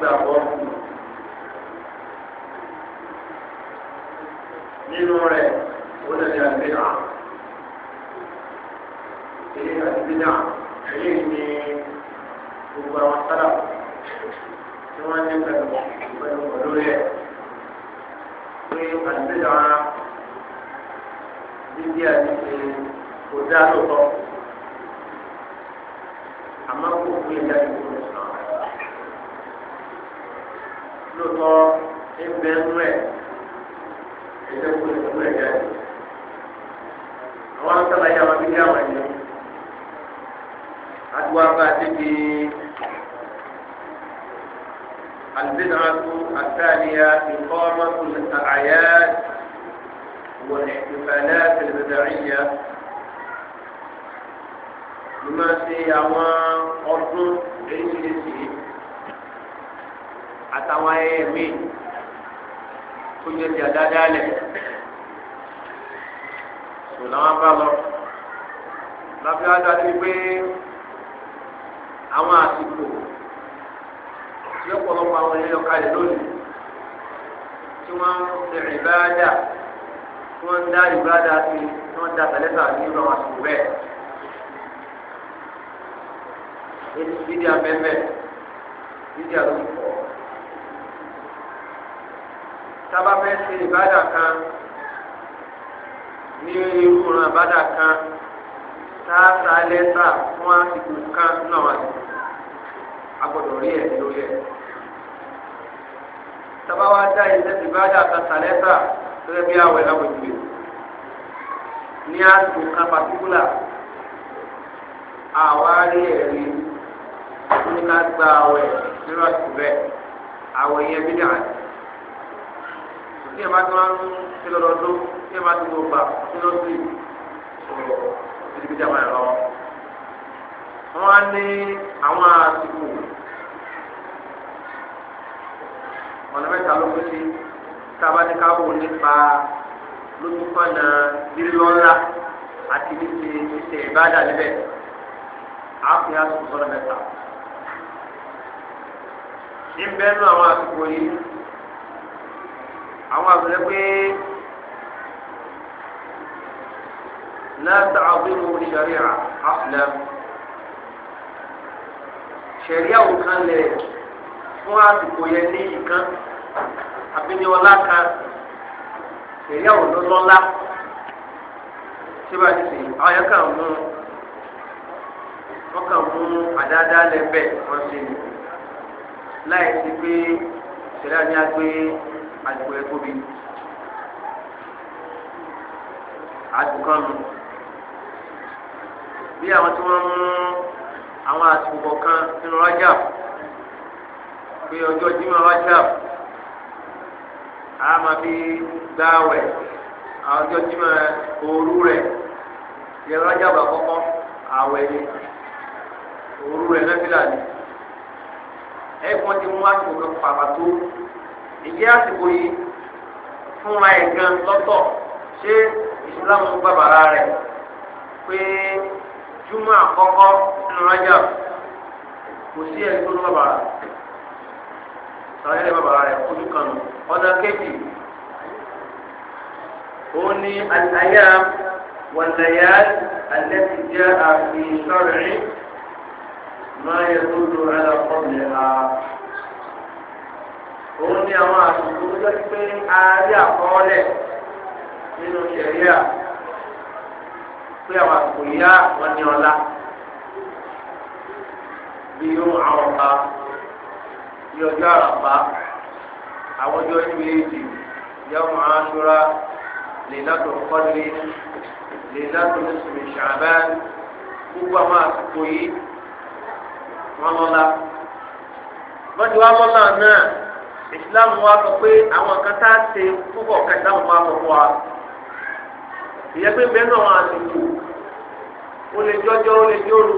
da morte ìrún àbádà kan táàtà lẹ́tà fún àsìkò kan náà agbọ́dọ̀ rí ẹ̀ lórí ẹ̀ tabawa dá iṣẹ́ ìbádà kan tàlẹ́tà gẹ́gẹ́ bí àwẹ̀ láwùjọ ní àsìkò kan pàtíkùlà àwárí ẹ̀rí ní ká gba àwẹ̀ nínú àsìkò bẹ́ẹ̀ àwẹ̀ yẹn bí dàn tí ẹ bá tí wọn ń ṣe lọ́dọọdún tí ẹ bá tí wọn gbà sí i. títí bíjà máa ń lọ. wọ́n á ní àwọn àsìkò ọ̀nà mẹ́ta ló pé sí tábàdíkàwò nípa lójúkọ̀nà lílọ́lá àti níṣe ṣíṣe ìbádà níbẹ̀ á fi àsìkò sọ́nà mẹ́ta. ní bẹ́ẹ̀ nú àwọn àsìkò yìí àwọn àgbẹ̀lẹ́ pé. لا تعظموا الشريعة أحلم ṣẹ̀ríà ò kan lẹ̀ fún àsìkò yẹn ní ìkan abíniọlá kan ṣẹ̀ríà ò lọ́lọ́lá síbàdí sí àwọn yẹn kàn mú wọ́n kàn mú àdáadáa lẹ́bẹ̀ wọ́n ṣe nì láì sí pé ṣẹ̀ríà ni a gbé àdìgbò ẹ̀ tóbi àdìgbò kan nù bí àwọn tí wọ́n mú àwọn àsìkò kan nínú rájà pé ọjọ́ jimá rájà a máa fi gbáwẹ̀ ọjọ́ jimá òru rẹ̀ yẹ rájà bá kọ́kọ́ àwẹ̀ ni òru rẹ̀ lẹ́fìlà ni ẹ̀kọ́ ti mú àsìkò kan pàtàkó ìjẹ́ àsìkò yìí fúnra ẹ̀ gan lọ́tọ̀ ṣé ìsìlámù bàbàrà rẹ̀ pé. júmọ́ àkọ́kọ́ nínú rájà kò sí ẹni tó lọ́ba rà sàlẹ̀ bàbá rẹ̀ ojú kan nù ọ̀nà kejì òun ni àyà wàlẹ̀yà alẹ́ ti jẹ́ àfi sọ́rẹ̀ẹ́ máa yẹ tó lo ẹ̀rọ ọ̀pọ̀lẹ̀ ha òun ni àwọn àtúntò tó jẹ́ pé a rí àkọọ́lẹ̀ nínú sẹ̀ríà. pé àwọn àkókò yá wọn ní ọlá bí yóò àwọn ọba bí ọjọ́ àràpá àwọn ọjọ́ méjì yóò máa ṣúra lè látò kọ́lé lè látò lẹ́sùn ìṣàbá gbogbo àwọn àkókò yìí wọn lọ́la wọ́n ti wá lọ́la náà ìsìlámù wa sọ pé àwọn kan tá a ṣe púpọ̀ kẹta wọn máa bọ̀ wá ìyẹn pé bẹ́ẹ̀ náà wọn àlejò ó lè jọjọ́ ó lè jọ́rù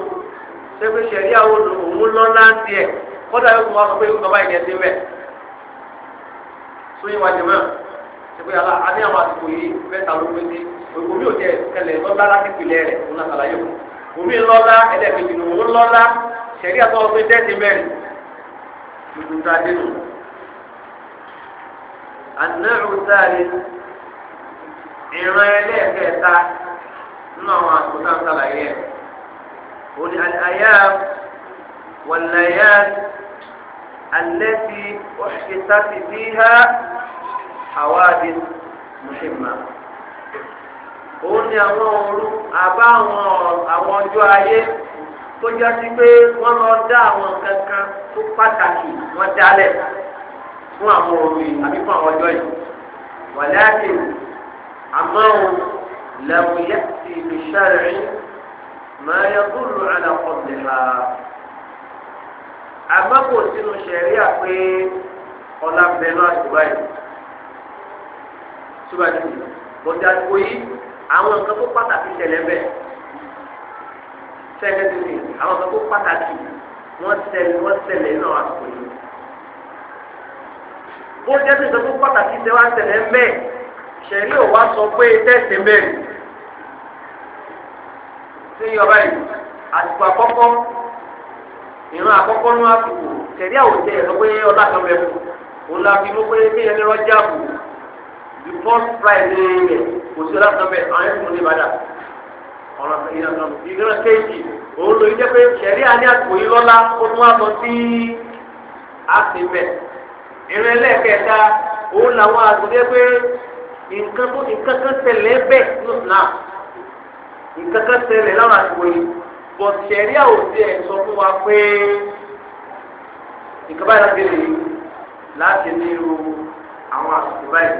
ṣẹ́gbẹ́ sẹ̀rí àwọn òun lọ láǹtì ẹ̀ kọ́dà yóò tún wá sọ pé nǹkan báyìí yẹn ti rẹ̀ sóyè wájú mọ́ ṣẹ́gbẹ́ yàrá a ní àwọn àsìkò yìí mẹ́ta ló pé sí òkú mi ò jẹ́ kẹlẹ̀ lọ́lá láti pìlẹ̀ rẹ̀ òun náà ṣàlàyé òun òun lọ́lá ẹlẹ́ẹ̀kejì ni òun lọ́lá sẹ̀rí àtọ́wọ́ pé dẹ́ẹ̀tì mẹ́rin tuntun ìran ẹlẹ́ẹ̀kẹta nínú àwọn àkótá ń sàlàyé ẹ̀ òní àyà wàlàyà alẹ́tì òṣìṣẹ́ta ti fi há àwáàdì mùsùlùmá òun ni àwọn òru àbá àwọn ọjọ́ ayé tó já sí pé wọ́n lọ dá àwọn kankan tó pàtàkì wọ́n dálẹ̀ fún àwọn òru yìí àbí fún àwọn ọjọ́ yìí عماه لم يأتي بشرع ما يدل على قبلها àmọ́ kò sínú ṣẹ̀ríà pé ọlá bẹnu àtúbà yìí túbà yìí bọ́dà tó yí àwọn nǹkan tó pàtàkì ṣẹlẹ̀ bẹ́ẹ̀ ṣẹlẹ̀ tó yìí àwọn nǹkan tó pàtàkì wọ́n ṣẹlẹ̀ wọ́n ṣẹlẹ̀ náà àtúbà yìí bọ́dà tó yìí nǹkan tó pàtàkì ṣẹlẹ̀ wọ́n ṣẹlẹ̀ bẹ́ẹ̀ ṣẹ̀rí ò wá sọ pé tẹ́sí mẹ́rin ṣé yọba yìí àsìkò àkọ́kọ́ ìran àkọ́kọ́ ní àsìkò ṣẹ̀rí àwòjẹ ẹ̀rọ pé ọlá kan bẹ̀ fún òun la fi mú pé kí ẹni rọ́jà bù the first prize ní ilẹ̀ kò sí ọlá kan bẹ̀ àwọn ẹ̀sìn ní ìbàdàn ọ̀rọ̀ ìran kan ìran kéèjì òun ló jẹ́ pé ṣẹ̀rí àní àsìkò yìí lọ́lá ó tún wá sọ sí àsìmẹ̀ ìran ẹlẹ́ẹ̀kẹta òun làwọn àgùdẹ́ pé nǹkan tó nǹkan kan ṣẹlẹ̀ bẹ́ẹ̀ ní islam nǹkan kan ṣẹlẹ̀ láwọn àti wòye bọ̀ sẹ̀ríà ò tiẹ̀ sọ fún wa pé nǹkan báyìí láti lè láti ní irú àwọn àsìkò báyìí.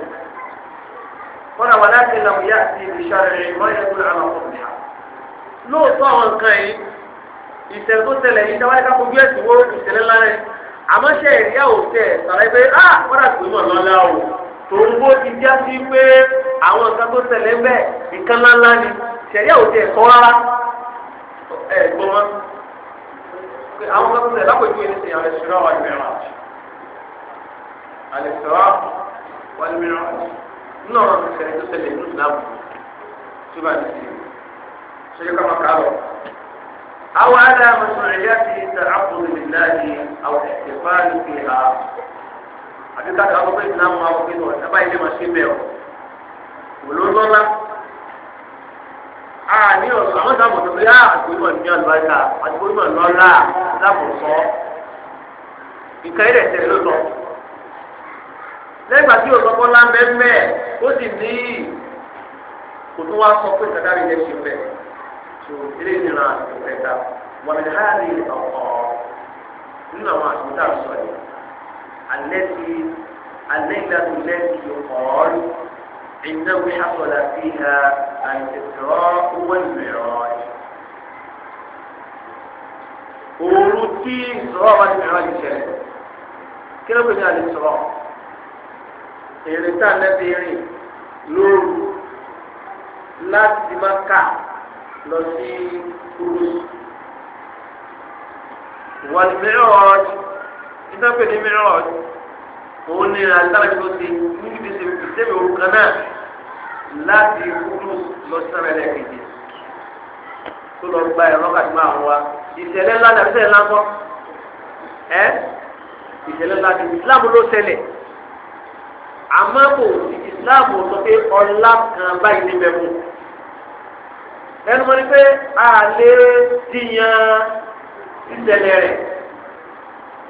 wọ́n àwọn aláṣẹ làwọn yá sí ìṣàrẹ̀ wọ́n yẹ kó làwọn ọkùnrin ha. lóòótọ́ àwọn nǹkan yìí ìṣẹ̀lẹ̀ tó ṣẹlẹ̀ yìí dáwọ́ ẹ̀ka kojú ẹ̀sìn wọ́n ìṣẹ̀lẹ̀ lára àmọ́ sẹ̀ríà ò tiẹ̀ sọ̀rọ̀ pé ah! tòun bó ti já sí pé àwọn nǹkan tó tẹ̀lé ń bẹ̀ nǹkan ńláńlá ni ṣẹ̀yà ò tiẹ̀ tọ́ rárá ẹ̀ gbọ́n wọn. àwọn nǹkan tó tẹ̀lé lápòjú ẹni sèyàn lè ṣùgbọ́n wà lómìnira àlè sọ́wọ́ wà lómìnira nínú ọ̀rọ̀ tó ṣẹlẹ̀ tó ṣẹlẹ̀ nínú ìlànà ti ṣe àti káàkiri àwọn ọmọ ìsìlámù máa wọ pé tọ̀ ẹ̀bá ilé máa ṣe bẹ́ẹ̀ ọ̀ wò ló lọ́lá a ní ọ̀sán àwọn sábà tó yá àgbóyún ní àlùbáríkà àgbóyún lọ́lá lábòsọ nǹkan ẹ̀rẹ̀ tẹ̀ ló lọ lẹ́gbàá tí òsọ́kọ́ lá ń bẹ́ mẹ́ ó sì ní kò tó wá sọ pé kàdárí yẹn ṣe bẹ́ẹ̀ tó eré ìnira ìfẹ́ ta háàlì ọ̀pọ̀ التي الليلة التي يقال إنه حصل فيها الإسراء والمعراج ورتي إسراء والمعراج شرع كيف بدأ الإسراء؟ إرسال نبيري لور láti maka lọ sí kúrúsù ìtọ́pẹ̀ ní mìíràn òun ní alágbára tó ti níbi tí ìsèmi òun kan náà láti kúrú lọ sára ẹlẹ́kẹ̀jẹ̀ tó lọ gba ẹ̀rọ kàdé máa wá ìṣẹ̀lẹ̀ ńlá dàbí sẹ́yìn ńlá kọ́ ẹ́ ìṣẹ̀lẹ̀ ńlá dàbí Islam ló ṣẹlẹ̀ àmọ́ kò Islam sọ pé ọlá kan báyìí ní bẹ́ẹ̀ ẹnu mọ́ pé a lè dìyàn ìṣẹ̀lẹ̀ rẹ̀.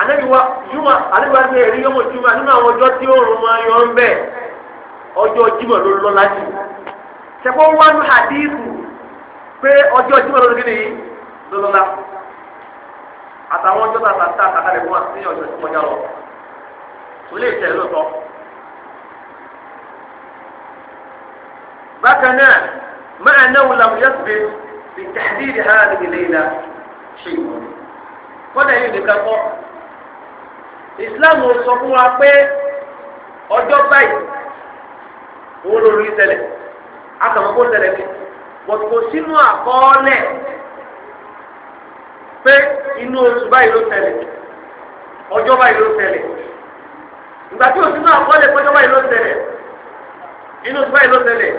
anabiwa juma anabiwa yọmọ juma nínú àwọn ọjọ́ tí oòrùn máa yọ ń bẹ ọjọ́ jimọ ló lọ láti ṣẹpọ wánú hadithu pé ọjọ́ jimọ ló lọ yìí ló lọ àtàwọn ọjọ́ tàbí tá àtàlẹ fún wa sí ọjọ́ tí kọjá lọ kò lè tẹ lóòótọ́. bákan náà máa náwó làmúyẹ́sì bí tẹ̀síìdì hàn ní ilé ìlà ṣe ìwọ̀n kọ́dà yìí islam ò sọ fún wa pé ọjọ́ báyìí òun ló rí ṣẹlẹ̀ akàmọ́ kó ṣẹlẹ̀ bí but kò sínú àkọọ́lẹ̀ pé inú oṣù báyìí ló ṣẹlẹ̀ ọjọ́ báyìí ló ṣẹlẹ̀ ìgbà tí ò sínú àkọọ́lẹ̀ pé ọjọ́ báyìí ló ṣẹlẹ̀ inú oṣù báyìí ló ṣẹlẹ̀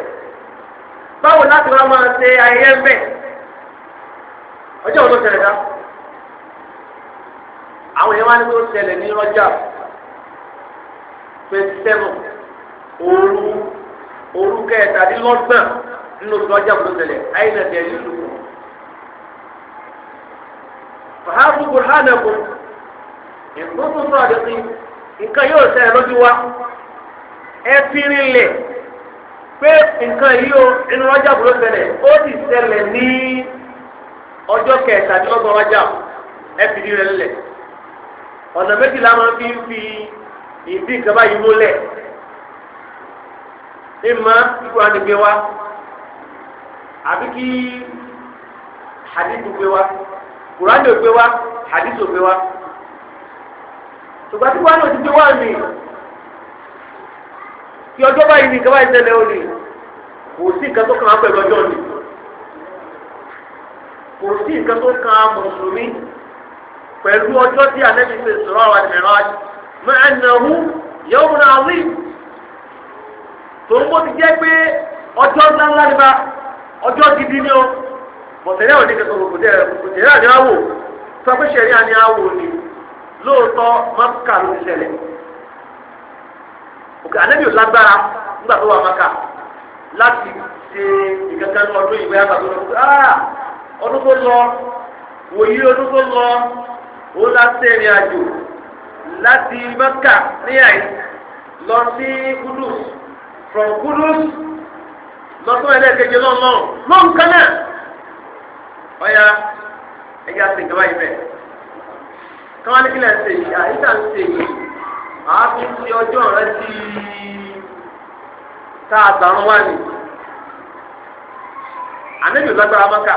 báwo láti wá máa ṣe ayẹyẹ mbẹ ọjọ́ wo ló ṣẹlẹ̀ dá àwọn èèyàn wá ní tó ṣẹlẹ̀ ní rọ́jà twenty seven òru òru kẹtàdínlọ́gbọ̀n nínú rọ́jà tó ṣẹlẹ̀ àyìnà tẹ̀lé lù wọ́n. fàhálù burhánà kò ìgbókùn sọ̀rọ̀ àdéhùn nǹkan yóò ṣẹlẹ̀ lójú wa ẹ fi rinlẹ̀ pé nǹkan yìí o inú rọ́jà tó ṣẹlẹ̀ ó sì ṣẹlẹ̀ ní ọjọ́ kẹtàdínlọ́gbọ̀n rọ́jà ẹ fi rinlẹ̀ ọ̀nà méjìlá máa fi ń fi ìdí ìkàbá yìí múlẹ̀ ìmọ̀ ikú àdìgbé wa àbí kí hadithu gbé wa kurani gbé wa hadithu gbé wa tùgbàtí wọn náà ti gbé wa mi kí ọjọ́ báyìí ní ìkàbá ìṣẹ̀lẹ̀ òní kò sí nǹkan tó kàn án pẹ̀lú ọjọ́ òní kò sí nǹkan tó kàn án mùsùlùmí. pẹ̀lú ọjọ́ tí ànábì ṣe sọ̀rọ̀ àwọn ìmìíràn máa nà yóò múra wí. tòun bó ti jẹ́ pé ọjọ́ ńláńlá ni bá ọjọ́ gidi ni ó bọ̀tẹ̀lẹ́ òní kẹsàn-án kò àwò sọ pé ṣẹ̀rí àní àwò ni lóòótọ́ máfíkà ló ti ṣẹlẹ̀. òkè ò lágbára nígbà tó wà láti ṣe ọdún àgbàdo ọdún tó lọ ah, wòye ọdún tó lọ. ó láti ẹ̀rìn àjò láti Mẹ́kà ní àyè lọ sí Kudus from Kudus lọ́sọ̀ ẹlẹ́ẹ̀kejì lọ́nà lọ́n kan náà ọ̀ya ẹ̀yà sì gbọ́ ibẹ̀ káwọn ní kílẹ̀ ń ṣe yìí àyíká ń ṣe yìí àáfi ti ọjọ́ rẹ ti tá a gbàrún wá ní ànábì lágbára Mẹ́kà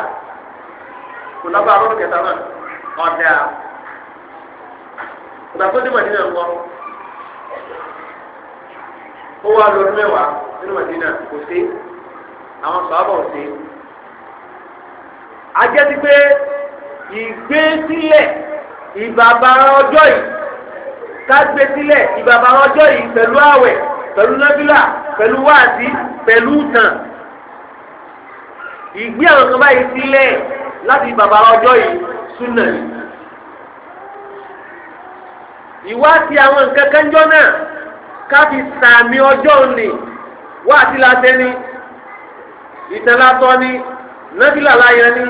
kò lágbára lọ́dún kẹta náà ọ̀dà ìgbà tó dé màdínà ń wọ ó wá lọ́dún mẹ́wàá nínú màdínà kò sí àwọn sọ̀rọ̀ ò sí. ajẹ́ ti pé ìgbé sílẹ̀ ìbàbàrà ọjọ́ yìí kágbé sílẹ̀ ìbàbàrà ọjọ́ yìí pẹ̀lú àwẹ̀ pẹ̀lú nábìlà pẹ̀lú wáàsí pẹ̀lú tàn ìgbé àwọn kan báyìí sílẹ̀ láti ìbàbàrà ọjọ́ yìí súnà yìí ìwá àti àwọn nǹkan kẹjọ náà káfi sàmì ọjọ́ òní wá àti lásẹ̀ ni ìtẹ̀látọ́ ni nẹ́bílà láyẹ ni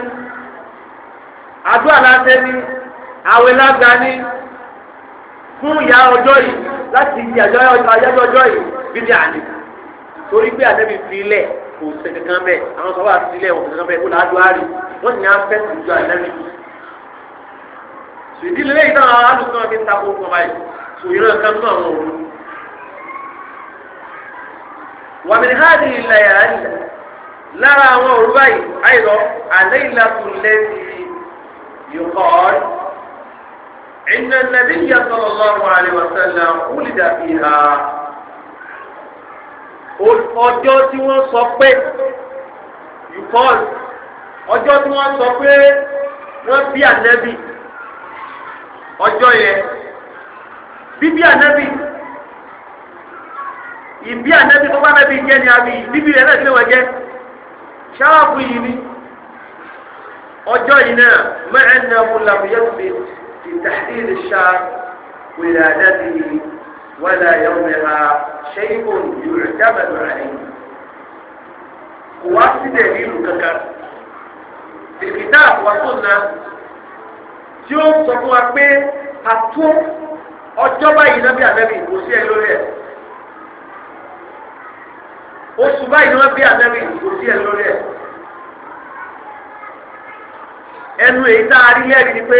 àdúrà lásẹ̀ ni àwẹ̀ lágbà ni fún ìyá ọjọ́ yìí láti di àjọyọ̀ ọjọ́ yìí bíbí àná torí pé àtẹ́bí fi lẹ̀ kò sẹ̀ kankan bẹ́ẹ̀ àwọn sọ́wọ́ àti sílẹ̀ òkè kankan bẹ́ẹ̀ kó làá dùn wọ́n sì ní afẹ́ tìjú àtẹ́bí ìdílé lẹ́yìn náà alùpùpù náà fi ń takò fún ọba yìí òyìnbó kan náà wọn ò ní. wàmìnì hádì ilẹ̀ yàrá ilẹ̀ lára àwọn òru báyìí àìlọ àlẹ́ ìlàkù lẹ́sì yòkọ́ ìnà nàbí yàtọ̀ lọ́wọ́ àlèwàsánná wúlìdà ìhà ọjọ́ tí wọ́n sọ pé yòkọ́ ọjọ́ tí wọ́n sọ pé wọ́n bí ànẹ́bí ọjọ́ yẹn bíbí ànábì ìbí ànábì tó bá ànábì jẹ́ ni àbí bíbí rẹ̀ náà ti wọ́n jẹ́ ṣáàbù yìí ni ọjọ́ yìí náà mẹ́rin náà mo làbù yẹn fi ṣá wìlà ànábì yìí wàlà yẹn ha ṣẹ́yìn bò ní ìrẹ̀ dábàlù rẹ̀ kò wá sílẹ̀ ní ìlú kankan ìkìtà àwọn náà. tí ó sọ fún wa pé àtó ọjọ́ báyìí náà bí ànábì kò sí ẹ lórí ẹ̀ oṣù báyìí náà bí ànábì kò sí ẹ lórí ẹnu èyí tá a rí lẹ́rìí ni pé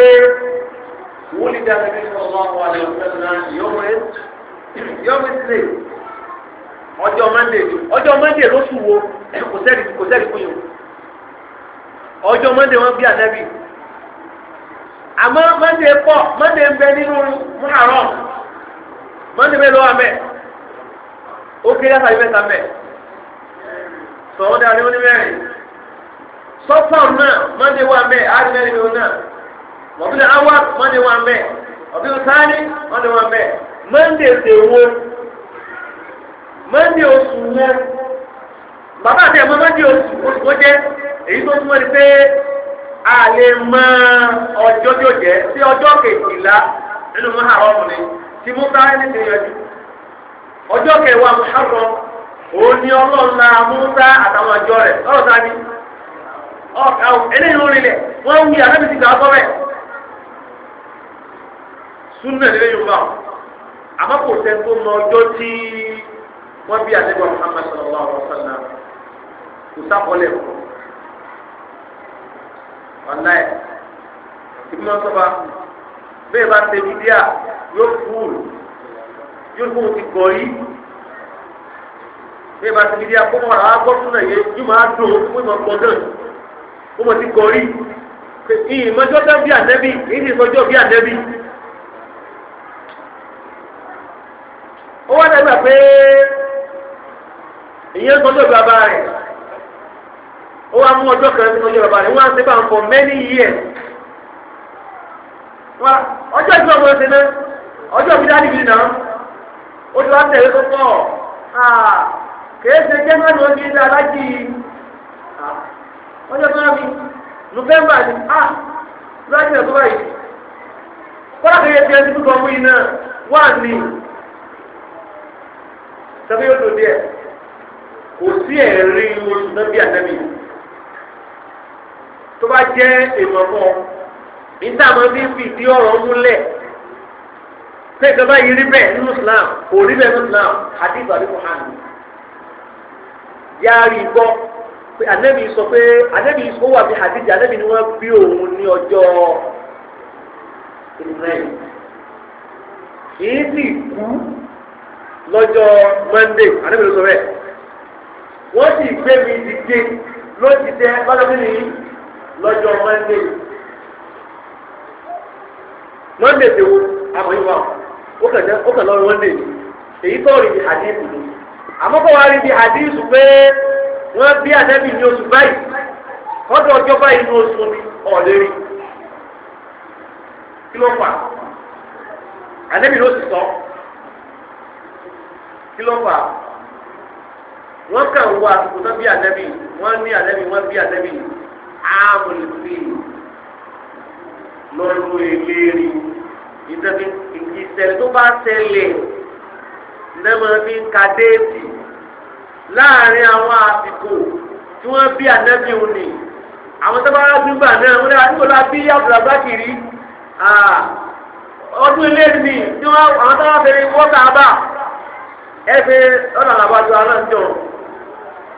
wọ́n lè dá náà ọjọ́ mọ́ndé wo kò kò fún yòó ọjọ́ mọ́ndé wọn bí àmọ́ mọ́ndé pọ̀ mọ́ndé ń bẹ nínú muharram mọ́ndé mélòó wà mẹ́ ó kéré àtàlí mẹ́ta mẹ́ sọ̀rọ̀ dáa ní onímẹ́rin sọ́tọ̀ náà mọ́ndé wà mẹ́ àdìmẹ́rin mẹ́rin náà wọ́pẹ́ awa mọ́ndé wà mẹ́ ọ̀bí ọ̀táni mọ́ndé wà mẹ́ mọ́ndé ṣèwọ́ mọ́ndé oṣù wọ́ bàbá àti ẹ̀mọ́ mọ́ndé oṣù oṣù wọ́n jẹ́ èyí tó túmọ̀ ní pé. a lè mọ ọjọ́ tí ó jẹ́ sí ọjọ́ kejìlá nínú muharram ni tí mo bá ẹni tó yọjú ọjọ́ kẹwàá muharram òun ni musa àtàwọn ọjọ́ rẹ̀ ọ̀rọ̀ ta ni ọ̀ka eléyìí orin lẹ̀ wọ́n wí àlẹ́ ti gbà àmọ́ kò tó mọ ọjọ́ tí wọ́n bí ọ̀nà ẹ̀ ìgbìmọ̀ sọ́ba bẹ́ẹ̀ bá ṣe bíbíà yóò fúlù yóò fún ti gọ̀rí bẹ́ẹ̀ bá ṣe bíbíà kó mọ̀ àwọn agbọ́sùn náà yẹn yóò máa dùn kó mọ̀ gbọ́dọ̀ kó mọ̀ ti gọ̀rí ìyìn mọ́jọ́ tán bí ànẹ́bí èyí ti sọjọ́ bí ànẹ́bí. ó wá dàgbà pé ìyẹn sọjọ́ bàbá rẹ̀. ó wá mú ọjọ́ kan sínú ọjọ́ bàbá wọ́n á bá ń for many years. wọ́n ọjọ́ náà ọjọ́ ìbí dáadé náà ó ti wá tẹ̀lé tó pọ̀ ó ti ṣe alájì ọjọ́ tó rà mí nùfẹ́mbà ni ti ẹni tó tó bá jẹ́ èèmọ̀ fún ọ ní táwọn bí fi ìdí ọ̀rọ̀ múlẹ̀ pé ìjọba yìí rí bẹ́ẹ̀ nínú Islam kò rí bẹ́ẹ̀ nínú Islam àti ìgbàlú Muhammad yáàrí gbọ́ pé anẹ́bí sọ pé anẹ́bí ó wà bí hadith anẹ́bí ni wọ́n bí òun ní ọjọ́ ìrìnàyìn kìí sì kú lọ́jọ́ Monday anẹ́bí ló sọ bẹ́ẹ̀ wọ́n sì gbé mi dìde lójijì lọ́jọ́ nínú yìí. lọ́jọ́ monday monday ti wo ó kàn ó kàn èyí tó rí bí hadith ni àmọ́ wá rí bí hadith pé wọ́n bí ànábì ní oṣù báyìí kọ́dọ̀ ọjọ́ báyìí ní oṣù ni ọ̀lẹ́rì kí ló fà ànábì ló sì sọ kí ló fà wọ́n áàmùlùsì lọ́dún eléèrè ìṣẹ̀lẹ̀ tó bá ṣẹlẹ̀ lẹ́mọ̀ ní kàdéètì láàrin àwọn àsìkò tí wọ́n bí ànábì òní àwọn tó bá rájú gbà náà wọ́n náà nígbà láti bí àbùràbá kiri ọdún eléèrè ni tí wọ́n àwọn tó bá fẹ́rẹ̀ wọ́tà bá ẹ fẹ́ ọ̀nà àlàbájọ aláǹjọ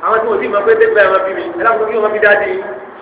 àwọn tí mo ti mọ̀ pé tẹ́gbẹ́ ẹ̀ máa bí mi ẹ̀ láti mọ̀ kí wọ́n bí dáadé yìí.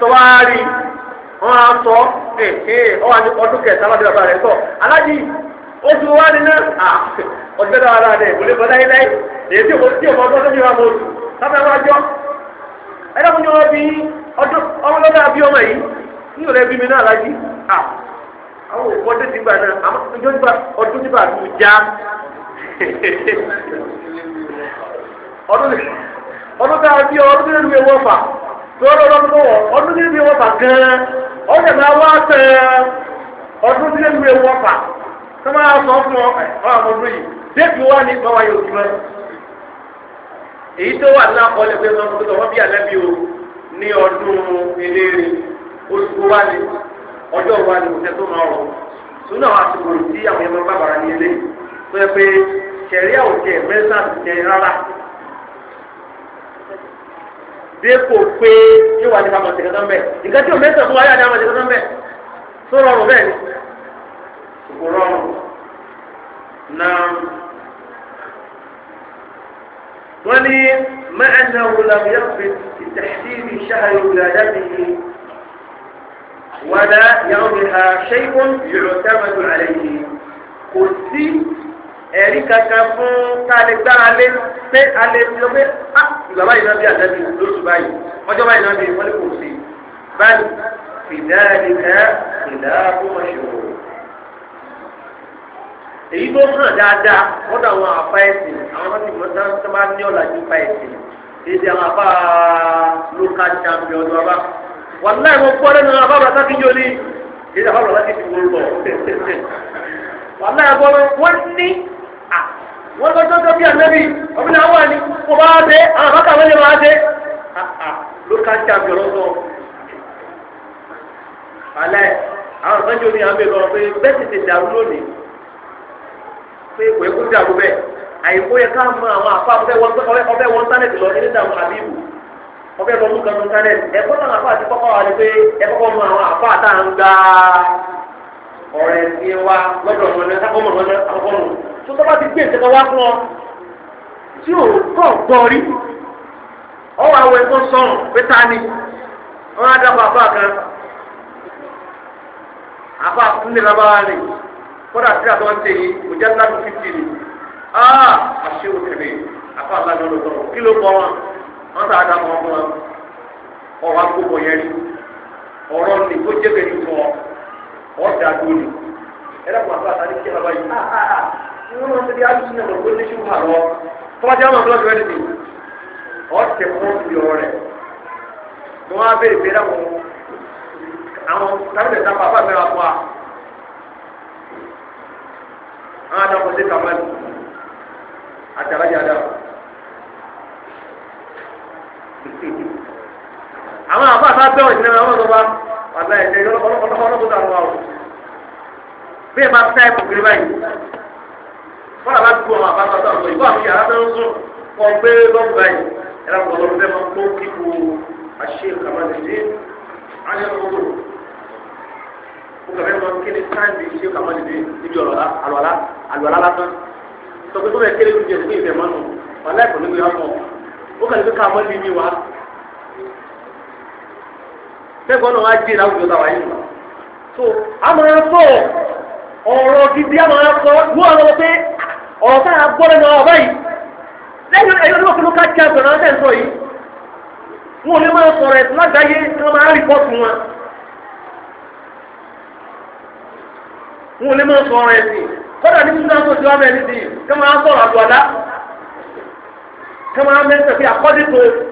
tọ́wárí wọ́n á sọ ọdún kẹta wà bàbá rẹ̀ sọ aláàjì oṣù wa ni náà dára dára dẹ̀ ìwòlé bọ́ láyé èyí tí ọmọ ọdún oṣù bí ọdún àbí ọmọ yìí ní bí mi náà aláàjì àwọn ti gbà náà àmọ́ ọdún ti já a bí lọ́rọ̀ lọ́pọ̀ ọdún níbi wọ́pà gan-an ọjà máa wá tẹ ọdún níbi wọ́pà tó máa sọ fún èyí tó wà tó tọ́wọ́ bí o ní ọdún eléré oṣù wa ni ọjọ́ wa ni òṣè tó máa rọ̀ sùnà tí àwọn ní ilé tó yẹ pé kẹ̀rí mẹ́sàn-án ti jẹ rárá. dépò pé yóò wá ní ká máa tẹ̀kẹ́ tán bẹ́ẹ̀ nǹkan tí o mẹ́sàn fún wa yóò ní ká máa tẹ̀kẹ́ tán bẹ́ẹ̀ tó rọrùn bẹ́ẹ̀ ni kò rọrùn na wọ́n ní mẹ́ẹ̀nà wùlàmù yóò fi ìtẹ̀síbi ṣáàyò wùlàdá ti yé wàdà yàwùmí ha ṣẹ́yìn yóò tẹ́wàá tó àlẹ́ yìí kò sí ẹ̀rí kankan fún káàdé gbára lé pé alẹ́ ti lọ pé ah ìbàbá yìí náà bí àtẹ́bí lóṣù báyìí ọjọ́ báyìí náà bí wọ́n lè kò sí báyìí fìdáàdì náà fìdáà fún ọ̀ṣọ́. èyí tó hàn dáadáa wọ́n dà wọn àfa ẹ̀sìn àwọn ọmọ tìmọ̀ tán tó bá ní ọ̀làjú fa ẹ̀sìn èdè àwọn àfa local champion wa bá wọn náà mo gbọ́ lẹ́nu àbá bàtà kíjọ ní èdè àbá bàtà kíjọ ní ní Ah, wọ́n tó tó tó bí ànábì ọ̀bìnrin àwọn àní kò bá ṣe àwọn àbákà wọ́n lè máa ṣe ah, ah, ló ká ṣe àbẹ̀rọ̀ sọ. alẹ́ àwọn ìfẹ́jọ́ ni àwọn èèyàn pé bẹ́ẹ̀ tètè dàrú lónìí pé ìwé kó dàrú bẹ́ẹ̀ àyíkó yẹ ká mọ àwọn àfa ọbẹ̀ wọn sálẹ̀tì lọ nínú ìdààmú àbíbù ọbẹ̀ lọ́mú kan ẹ̀kọ́ náà àti kọ́kọ́ ọ̀rẹ́ tí ẹ wá lọ́dọ̀ wọn náà sábà wọn náà sábà wọn tó tọ́ bá ti gbé ìtẹ́ka wá fún ọ tí ò tọ̀ gbọ́ rí ọwọ́ àwọn ẹ̀kọ́ sọ̀rọ̀ pé ta ni wọ́n á dábàá àbá kan àbá kúnlẹ̀ lábára ni kódà tí a tó ń tẹ̀yìn kò jẹ́ láti fi tì ní aa àṣẹ òtẹ̀lẹ̀ àbá àbájọ ló sọ̀rọ̀ kí ló kọ́ wọn wọ́n tà á dá wọn fún wọn ọ̀rọ̀ àgbò bọ̀ yẹn ni ọ̀rọ̀ nìkó jẹ́ bẹ̀rẹ̀ ọ̀dà gbòòlì ẹ̀rọ kò àtúwà sáré kí ẹ bàbá yìí ah ah ah ìwé wọn ti di alùpùpù náà gbogbo ní ṣubú àlọ́ tọ́jà máa lọ́dọ̀ ẹni mi ọ̀tẹ̀ fún mi ọ̀rẹ́ mo máa béèrè pé ẹ̀rọ àwọn tábìlì ẹ̀ta bàbá mi wà fún wa àwọn àdàpọ̀ sí kàmáàlì àtàlájà àdàpọ̀. àwọn àbá àbá bẹ́ẹ̀ wọ̀ sí náà wọ́n lọ bá wàlá ẹ̀jẹ̀ ọlọ́kọ̀ọ́dà ló wà o bí ẹ bá tẹ́ ìbùkún báyìí fọlá bá gbó ọmọ àbá sọ́tọ̀ ọ̀gbọ́n ìwọ àwọn yàrá tó ń sùn kọ́ gbé lọ́ọ̀bù báyìí ẹ̀rọ ọ̀gbọ́n ló fẹ́ máa kó kíkó àṣẹ kàmáṣe ayé ọ̀gbọ́n ó kàfẹ́ máa kéde sáǹdì ṣe kàmáṣe níbi ọ̀lọ́lá àlọ́lá àlọ́lá lásán kẹ́kọ̀ọ́ náà wá jẹ́ láwùjọ táwa yìí lọ. so a máa sọ ọ̀rọ̀ gidi a máa sọ wọ́n àwọn ọmọ pé ọ̀rọ̀ tá a gbọ́ lẹ́nu ọ̀rọ̀ báyìí lẹ́yìn ẹ̀yọ́ ní wọ́n ká jẹ́ àgbọ̀n náà sọ yìí wọn ò ní máa sọ̀rọ̀ ẹ̀sìn lágbàáyé tí wọ́n máa rìpọ́ọ̀tù wọn. wọn ò ní máa sọ̀rọ̀ ẹ̀sìn kọ́dà ní sísá tó ti wá bẹ́ẹ̀ nídìí kí wọ́n máa sọ̀rọ̀ àgbọ̀dá kí wọ́n máa mẹ́sàn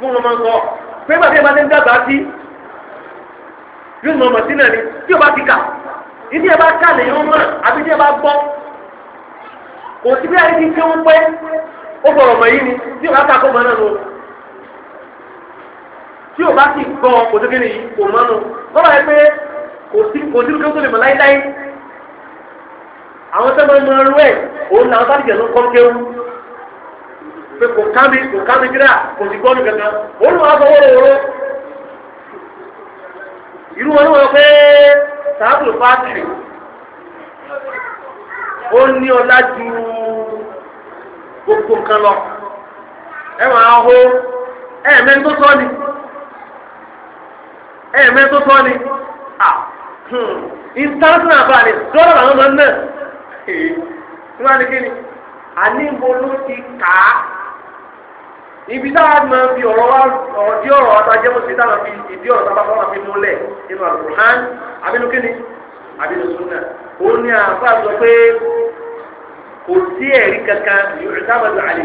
mo mọ̀ mọ̀ sọ pé bàbá ìbá ti ń dàgbà sí yóò mọ̀ mọ̀ sí ni tí o bá ti kà ìdí ẹ bá kà lè yọ àbí ẹ bá gbọ́ kò sí bí ti ń pẹ́ ni tí o bá kà kó mọ̀ náà tí o bá ti gbọ́ kò tó kéde yìí kò mọ̀ nù pé kò sí kò sí tó lè mọ̀ pé kò kámi kò kámi dídá kò sì gbọ́ mi kankan olùwà fọwọ́rọ̀ wọ́rọ́ irú wọn wọn pé sàbùlù fáàtì ó ní ọlá ju gbogbo nǹkan lọ ẹ máa hó ẹ mẹ́rin tó sọ ni ẹ mẹ́rin tó sọ ni ah international balẹ̀ dọ́là làwọn máa ń nà ẹ wọ́n á ní kí ni àníbo ló ti kà ibi tá a máa fi ọ̀rọ̀ wa ọ̀rọ̀ dí ọ̀rọ̀ àtàjẹ́ mọ̀ sí tá a fi ìdí ọ̀rọ̀ tábà fọ́nà fi múlẹ̀ nínú Al-Qur'an abínú kíni abínú súnà ó ní àfa sọ pé kò sí ẹ̀rí kankan yòrò sábàdù àlè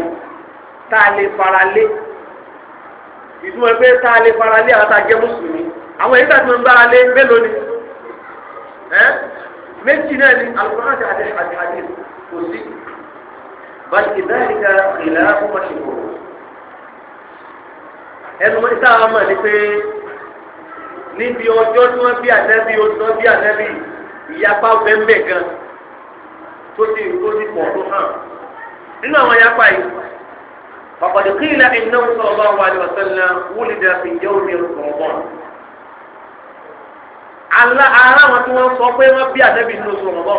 tá a lè fara lé ìdúró pé tá a lè fara lé àwọn àtàjẹ́ mùsùlùmí àwọn èyí tàbí ń bára lé mélòó ni méjì náà ni Al-Qur'an àti àdéhùn kò sí bàtì dáríkà ìlànà fún mọ̀ṣẹ̀kọ̀ọ́. ẹnu mọ́ mọ̀ ni pé níbi ọjọ́ tí wọ́n bí ànábì oṣù bí ànábì ìyapa bẹ́ẹ̀ gan tó ti tó ti pọ̀ tó hàn nínú àwọn ìyapa yìí ọ̀pọ̀lọpọ̀ kí ilà iná sọ̀rọ̀ bá wà ní ọ̀sán náà wúlì dà fi yẹ́ omi ọ̀sọ̀rọ̀ bọ̀ ala ara wọn tí wọ́n sọ pé wọ́n bí ànábì ní oṣù ọ̀bọ̀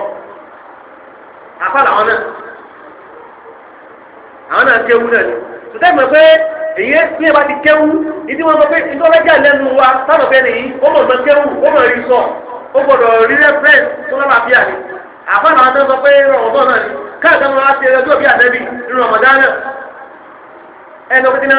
àpá làwọn náà àwọn náà kéwú náà ni pé. èyí ní ìbá ti ìdí wọn sọ pé ìdọ́lẹ́jà lẹ́nu wa sábà nìyí ó mọ̀ lọ kéwú ó mọ̀ rí sọ ó gbọ́dọ̀ rí tó lọ́ba bíà ni àfáàná wọn sọ pé rọ̀mọ̀dọ́ náà ni káàkiri wọn ti bí nínú ọmọdé ẹni ọkùnrin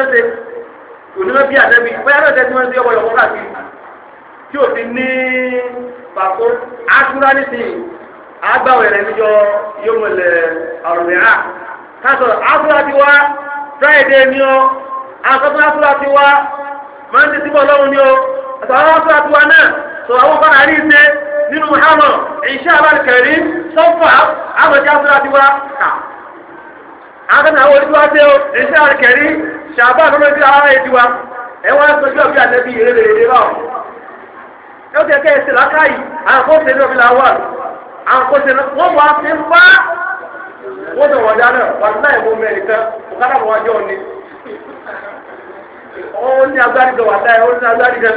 náà ṣe ní àkọ́tún asúra ti wá máa ń tẹ̀sí bọ̀ lọ́run ni o àtàwọn asúra ti wá náà sọ àwọn bá àárín ṣe nínú muhammad insha Allah karim sọ́fà àmọ̀já asúra ti wá kà àkọ́tún àwọn olùkọ́ àti insha Allah karim ṣàbá àtọ́nà ìdí ara èdè wa ẹ wá sọjú ọ̀bí àtẹ́bí ìrẹ́lẹ̀rẹ́lẹ́ báwọn ẹ ó ti ẹ̀kẹ́ ẹ̀sìn lákàyè àkóso ẹ̀dọ́ wọ́n wá fi ń wà láì mú mẹ́rin tán òkàdàbọ̀ wájú ọ̀ni. onye ní agbárí gan wà táyà ó ní agbárí gan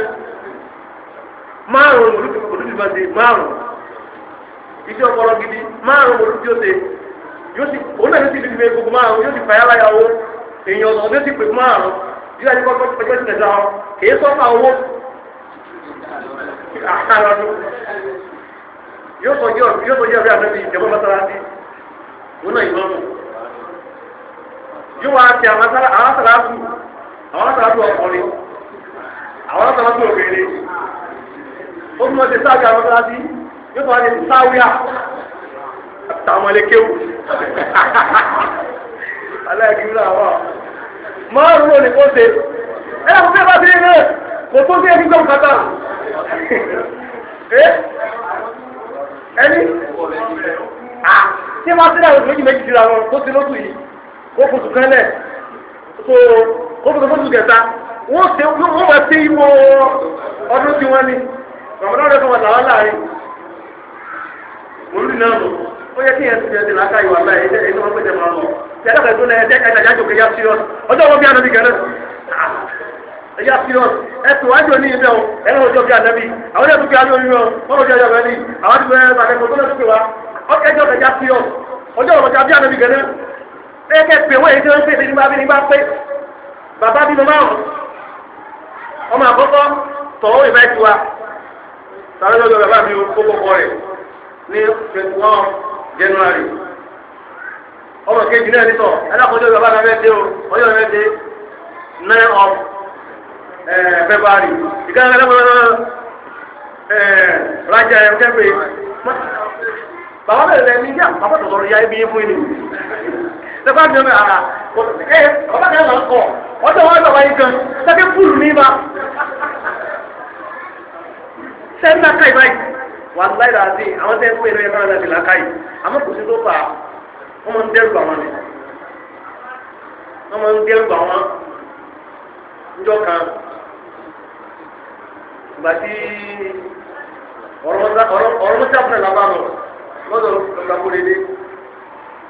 márùn olùdíjọ ṣe gidi márùn olùdíjọ ṣe yóò ti òun náà yóò ti bíbí gbogbo márùn yóò ti ọzọ láyà owó èèyàn ọ̀sán yóò ti pè márùn ti ọ kìí owó yóò sọ yóò sọ náà yóò wá ti àwọn àwọn àtàlátò ọkùnrin àwọn àtàlátò obìnrin ó mọ̀ ṣe sáàgì àwọn kíláàsì yóò fà ní sáwíà àtàwọn ẹlẹ́kẹ́wù aláìkiri náà wà máa rúrò ní kó ṣe ẹ kò fẹ́ bá ti rí náà kò tó sí ẹni gbọ́n kàtà ẹni tí wọ́n ti rà lóṣù méjì méjì síra wọn tó ti lóṣù yìí kó fòṣù kan lẹ̀ tó ó fún fún wọ́n ṣe wọ́n wá sí ìwọ ọdún tí wọ́n ní rọ̀mọdún ọdún kan wà láwọn láàrin olú náà lò ó yẹ kí ẹ̀ ń ẹ̀sìn láká ìwà láì ẹ̀jẹ̀ ẹ̀jẹ̀ wọn pẹ̀jẹ̀ máa lọ tẹ̀lé ọ̀gá ìgbóná ẹ̀jẹ̀ ẹ̀jẹ̀ àjọ kẹyà sírọ́ọ̀sì ọjọ́ wọn bí anabi gẹ̀rẹ́ ẹ̀yà sírọ́ọ̀sì ẹ̀sìn wájú ní ibẹ̀ o ẹ̀rọ ọjọ́ bí anabi àwọn ẹ̀sìn bí alẹ́ orí wọn wọ́n ọjọ́ ìyàwó ẹni àwọn tó lọ́sùn pé bàbá bímọ márùn ọmọ àkọ́kọ́ tọ̀wọ́ ìbá ti wa tàbí lọ́jọ́ bàbá mi kókó kọ́ rẹ̀ ní twenty one January ọmọ kejì náà nítọ̀ ẹlẹ́kọ̀ọ́jọ́ bàbá náà fẹ́ dé o ọjọ́ náà fẹ́ dé nine of February ìkànnì ẹlẹ́kọ̀ọ́jọ́ rájà ẹ̀ kẹ́pẹ́ bàbá bẹ̀rẹ̀ lẹ́yìn ní yá bàbá tó sọ̀rọ̀ ya ibi yín fún yín ni. sẹ́kọ̀ àti ọ̀nà àrà ẹ bàbá kan là ń kọ̀ wọ́n tẹ̀ wọ́n bàbá yín gan sẹ́kẹ́ fúlù ní ma. sẹ́ni náà káyì báyìí wà á láyé láti àwọn tẹ́ ń pè ní ẹ̀ka káyì àmọ́ kò sí tó fà wọ́n máa ń dẹ́rù bà wọ́n ni wọ́n máa ń dẹ́rù bà wọ́n níjọ́ kan ìgbà tí ọ̀rọ̀ mọ́tàkùnrin làbá lọ lọ́dọ̀ lọ́kùnrin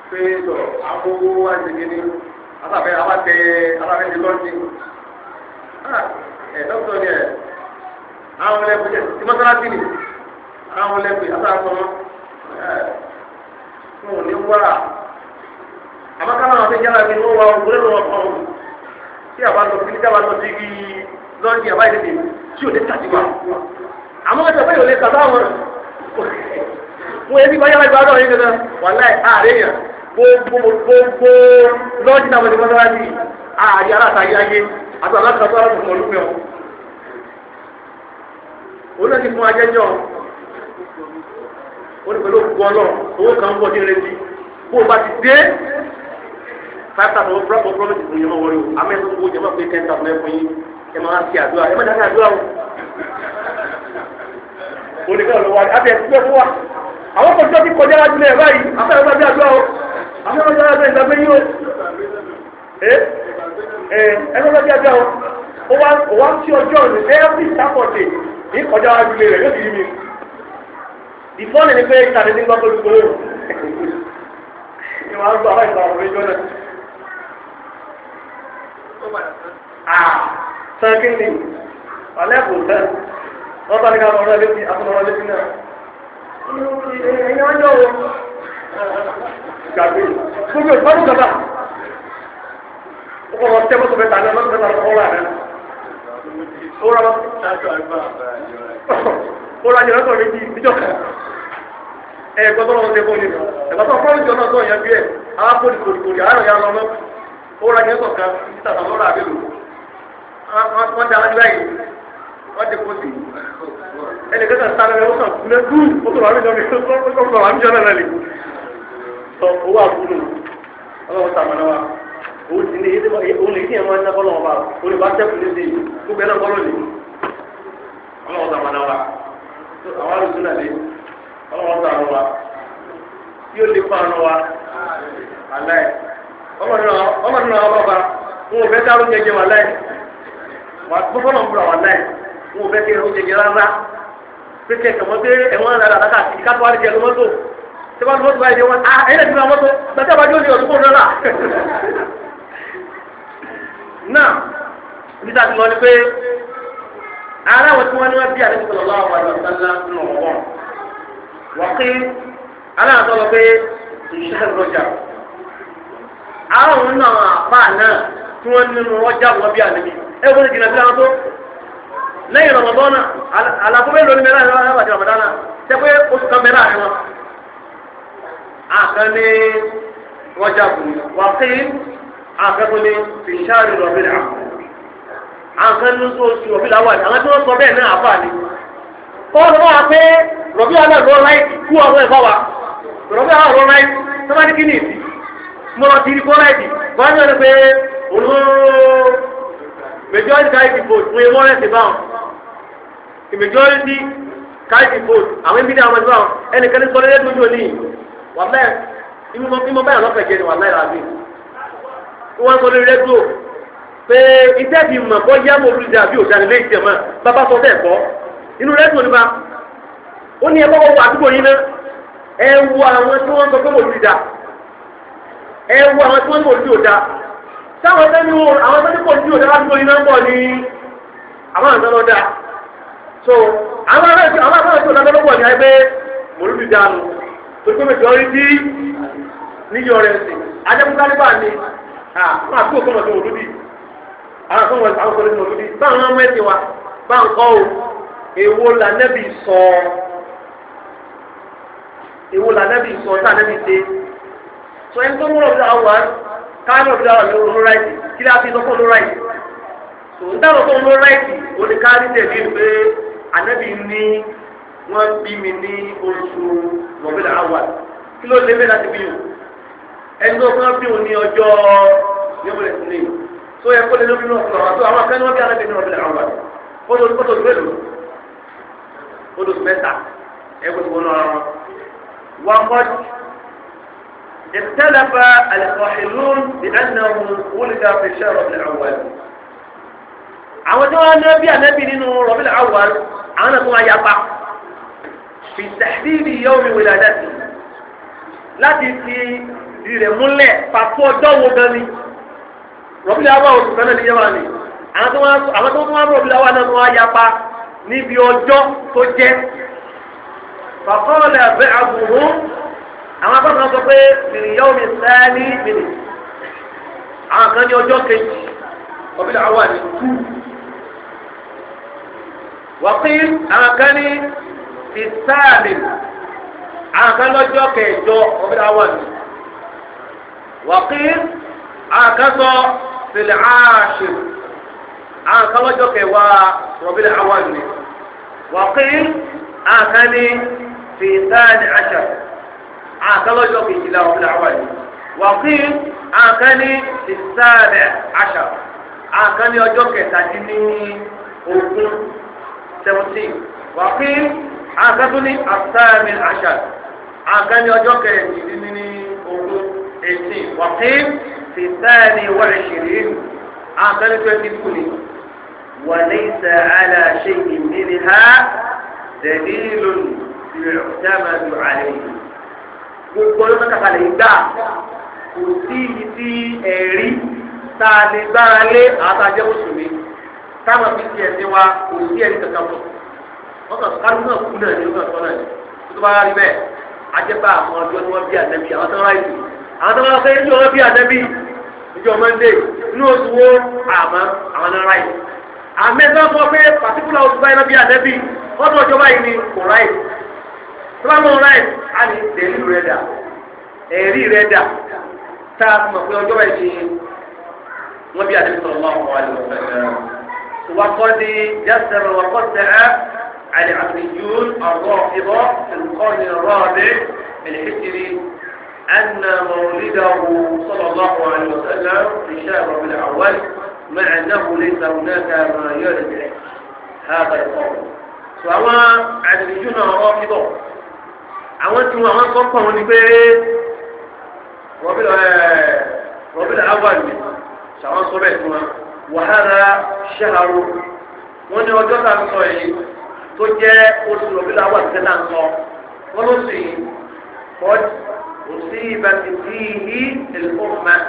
pé lọ agogo wa ṣègbè ni alábẹ́ alábẹ́ alábẹ́ ti lọ́ọ̀tì ah, ẹ̀ dọ́kítọ̀ ni ẹ̀ àwọn ọlẹ́pẹ̀ ẹ̀ ti mọ́sálásí ni àwọn ọlẹ́pẹ̀ àtàkùn ẹ̀ fún òní wá àbákálà wọn ti yára bí wọn wá òwúrẹ́ lọ́wọ́ kan tí àbá lọ sí níta bá lọ sí lọ́ọ̀tì àbá ìdíje tí ò lè tàdíwà àmọ́ ẹ̀jẹ̀ bẹ́ẹ̀ ò lè tàdá wọn. wọn ebi wáyé wáyé gbàdúrà yín dandan wàláì ààrẹ yẹn gbogbo lọ́ọ̀dì náà wọ́n ti mọ́tò láti ààrẹ aláàtàyé ayé àti aláàtàyé ọlọ́run fún olúmọ̀ òun náà ti fún fún àwọn kò jọ́ bí kọjá lájú lẹ̀ báyìí afẹ́rẹ́ bá bí àdúrà o afẹ́rẹ́ bá bí àdúrà ìgbàgbé yìí o ẹgbẹ́ bá bí àdúrà o ó wá ń tí ọjọ́ ní every Saturday ní kọjá lájú lẹ̀ yóò di mi ìfọ́nì ni pé ìtàdé ní gbàgbé olùkọ́ yóò ìwà àgbà wà ìgbà òwe jọ náà. sọ́kìnì ọ̀lẹ́kùn tẹ́ wọ́n bá ní ká lọ́rọ́ létí àtúnlọ́rọ́ létí náà èèyàn gbogbo ìgbọ́dún gàgbà ó kọ̀ tẹ́ mọ́tò mẹ́ta náà mọ́tò mẹ́ta kọ́ wà náà ó rà mọ́ ó rà jẹ̀rọ̀ sọ̀rọ̀ méjì níjọ́ kan ẹ̀ẹ́dọ́ tó lọ́wọ́ tẹ́kọ̀ọ́ nínú ẹ̀gbọ́n tó fọ́ọ̀rù jọ náà tó yẹn bí ẹ̀ àwọn kòrìkòrì àárọ̀ ya lọ́nà ó rà jẹ̀rọ̀ kan títà lọ́rọ̀ àbẹ̀lò wọ́n ti kó sí ẹnì kẹta sáré rẹ ó sàn kú lẹ́kú ó sọ̀rọ̀ àmì jọmi ó sọ̀rọ̀ àmì jọmi rẹ lè sọ owó àbúrò ọlọ́run sàmọ́nà wa òun sì ní òun lè kí ẹ̀ máa ń ná bọ́lọ̀ wọn bá òun lè bá tẹ́kù ní sí ni ọlọ́run sàmọ́nà wa àwọn àlùsùn náà lé ọlọ́run sàmọ́nà wa yóò lè fa àánú wa aláì ọmọdún náà ọlọ́ba wọn ò fẹ́ dárú jẹjẹ wà láì wọn àti fọ́fọ́ ń bọ̀ wà láì wọn ò fẹ́ kí ẹ̀rọ jẹjẹrẹ rárá pé kẹ̀kẹ́ mọ́ pé ẹ̀wọ̀n rárá rárá kí ká tó wá jẹ lọ́mọ́tò tí wọ́n lọ́mọ́tò báyìí wọn à ẹ̀yẹ́ ti lọ́mọ́tò tàbí àbájọ́ ní ọdún fún rárá. náà ibi tá a ti lọ ni pé ara wọn tí wọ́n ní wọ́n bí àdéhùn sọ̀rọ̀ lọ́wọ́ àwọn àdéhùn sọ̀rọ̀ lọ́wọ́ wọ́n kí aláàtọ̀ lọ pé ìṣẹ́ rọjà àwọn náà àpá náà tí wọ́n nínú rọjà wọn bí àdéhùn ẹ lẹ́yìn Ramadan àlàfo mélòó ni mẹ́rin àwọn àbàdì Ramadan ṣe pé oṣù kan mẹ́rin àwọn wọn. àkànní rọjà bù wà pé àkànní fi ṣáàrì rọ̀bìlà àkànní oṣù rọ̀bìlà wà ní àwọn tí wọ́n sọ bẹ́ẹ̀ náà àbá ni. kọ́ọ̀lù wà pé rọ̀bìlà náà lọ láì kú àwọn ẹ̀fọ́ wa rọ̀bìlà lọ láì sọ́mádé the majority carry the vote àwọn ibi ní àwọn ẹgbẹ́ wọn ẹnìkan ní sọ lẹ́yìn tó ń jò ní wàlẹ́ ìmọ̀ báyọ̀ lọ́fẹ̀ẹ́ jẹ́ ni wàlẹ́ ràbí wọ́n sọ lórí rédíò pé iṣẹ́ ti mọ̀ kọ́ yá mọ̀ olùdíje àbí òdàní lé ìṣẹ̀ mọ́ bàbá sọ bẹ́ẹ̀ kọ́ inú rédíò nípa ó ní ẹgbẹ́ wọ́n wọ àdúgbò yín náà ẹ wo àwọn tí wọ́n sọ pé mọ̀ olùdíje ẹ wo àwọn tí wọ́n mọ̀ olùdíje òdà táwọn ẹgbẹ́ ni àwọn ẹgbẹ́ tí kò olùdíje òdà ládùúgbò yín náà ń bọ̀ ní àwọn àgbẹ̀ lọ́dà so àwọn ará ìjọ àwọn ará ìjọ lọ́dọ́ lọ́wọ́ ni ẹgbẹ́ mòlúdù dànù tó gbé mẹ́jọ rí bí níyọ rẹ̀ sí ajẹ́kúta nígbà ni àwọn àti òkú ọmọdé mòlúdì àwọn àti òkú ọmọdé mòlúdì báwọn ọmọ ẹ̀sìn wa báwọn kọ́ o èwo lànẹ́bì sọ èwo lànẹ́bì sọ tá ànẹ́bì ṣe sọ ẹni tó múlò bí àwọn wàá káàdọ̀ bí àwọn ló ló ráìtì kí láti sọ fún ló ráìtì tòun dáhùn fún ló ráìtì òní anabi ní wọ́n bí mi ní oṣù rọ̀bìlà awà kí ló lé bẹ́ẹ̀ láti bí yàn ẹni tó fún wọn bí òun ní ọjọ́ yọ̀bùlẹ̀ sílẹ̀ tó yẹ kó lé lóbi náà fún wa tó àwọn akẹ́ni wọ́n bí anabi ní rọ̀bìlà awà ó lọ sí mélòó ó mẹ́ta ẹgbẹ́ tó wọnú ara wọn. wọn kọ́ اختلف الصاحبون بأنه ولد في الشهر الأول àwọn tí wọn lé bí anabi nínú rọbìlà awùwárò àwọn náà tún wá yapa fi tẹ̀síìdì yẹ omi wẹlẹ àdáṣe láti fi rírẹ̀ múlẹ̀ pàtó ọjọ́ wo gan ni rọbìlà awùwárò oṣù kan náà ní yẹwà ni àwọn tó wọn wá rọbìlà awùwárò náà tún wá yapa níbi ọjọ́ tó jẹ́ fàkọọ́lẹ̀ àbẹ àbùrù àwọn akọ́sọ̀ sọ pé mìrìyà omi sáà ní mìrì àwọn kan ní ọjọ́ kejì rọbìlà awùwárò ni two wọ́pẹ́ àwọn kan ní ti sáàmì àwọn kan lọ́jọ́ kẹjọ ọ̀bẹ̀rẹ̀ àwọn mi wọ́pẹ́ àwọn kan sọ fìlẹ̀ àṣẹ àwọn kan lọ́jọ́ kẹwàá ọ̀bẹ̀rẹ̀ àwọn mi wọ́pẹ́ àwọn kan ní ti sáàmì àṣẹ àwọn kan lọ́jọ́ kejìlá ọ̀bẹ̀rẹ̀ àwọn mi wọ́pẹ́ àwọn kan ní ti sáàmì àṣẹ àwọn kan ní ọjọ́ kẹtàdínní ogún seventeen wàkí àgàtúni àtàmì àṣà àgàní ọjọ́ kẹrìndínlẹ́ni ogún eighteen wàkí sitani wàlẹ̀ṣìrì àgàní twenty two ni wàlẹ́sà aláṣẹ ìmìlì ha dẹ̀lílù ìrẹ̀kùtàmàdù àlẹ́ yìí gbogbo ló mẹ́ta kalẹ̀ yìí gbà kò sí ibi ẹ̀rí tá a lè gbára lé àtàjẹ́ mùsùlùmí táwọn fi tiẹ̀ sí wa kò sí ẹni kankan fún wọn kàn kálù náà kú náà ní ọgbà tó náà ní tó bá rí bẹ́ẹ̀ ajẹ́pá àwọn ọjọ́ tí wọ́n bí ànábì àwọn tó ń ráyè àwọn tó ń ráyè ní ọjọ́ bí ànábì ìjọ mọ́ndé inú oṣù wo àmọ́ àwọn náà ráyè àmì ẹ̀dá fún ọ pé pàtíkùlà oṣù báyìí náà bí ànábì wọ́n ọjọ́ báyìí ni kò ráyè tó bá á ní tẹ̀lé rẹ̀ dà ẹ̀rí rẹ̀ dà tá mọ̀ pé ọjọ́ báyìí ni wọ́n bí ànábì sọ̀rọ̀ lọ́wọ́ وقد جسم وقدع العبريون الرافضة في القرن الرابع الحجري أن مولده صلى الله عليه وسلم في شهر ربيع الأول مع أنه ليس هناك ما يرجع هذا القول فهو العبريون الرافضة àwọn tí wọn kọ́ pọ̀ wọn ni pé rọ́bìlì وهذا شهر وانا وجدت عن صعي تجي أسر بالأول كتان صعي ونصي قد أصيبت فيه الأمة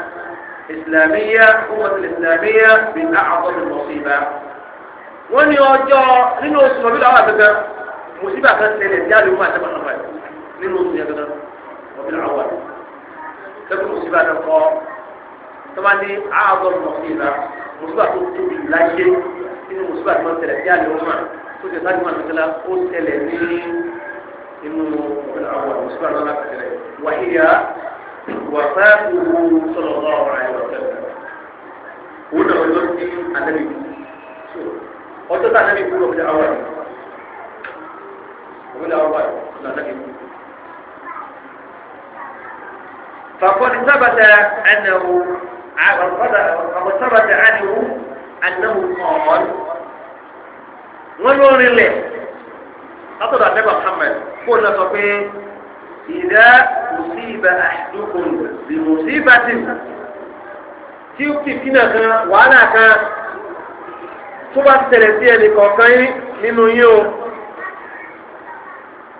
الإسلامية أمة الإسلامية من أعظم المصيبة وانا وجدت عن أسر بالأول كتان مصيبة خلصة للجال وما تبع نفعل لنصي كتان وبالعوال كتان أصيبات القرى tọ́ba ní àádọ́ mọ̀síìlá mùsùlùmá tó tóbi láyé nínú mùsùlùmá tó tẹ̀lé bí àlè ọmọ tó tẹ̀ sáájú máa tẹ̀lé ó tẹ̀lé ní inú àwọn mùsùlùmá tó náà tẹ̀lé wàhíyà wàfẹ́ òwú sọ̀rọ̀ ọ̀rọ̀ àyẹ̀wò tẹ̀lé òun náà ló ti ànábì ọjọ́ tá ànábì kúrò ọ̀gbìn àwọn àyè ọ̀gbìn àwọn àyè lànábì kúrò. فقد ثبت أنه وثبت عنه أنه قال ولون الله أطلع النبي محمد قلنا صفين إذا أصيب أحدكم بمصيبة تيوكي فينا كان وأنا كان تبا تلتيا لكوكاين nínú yín o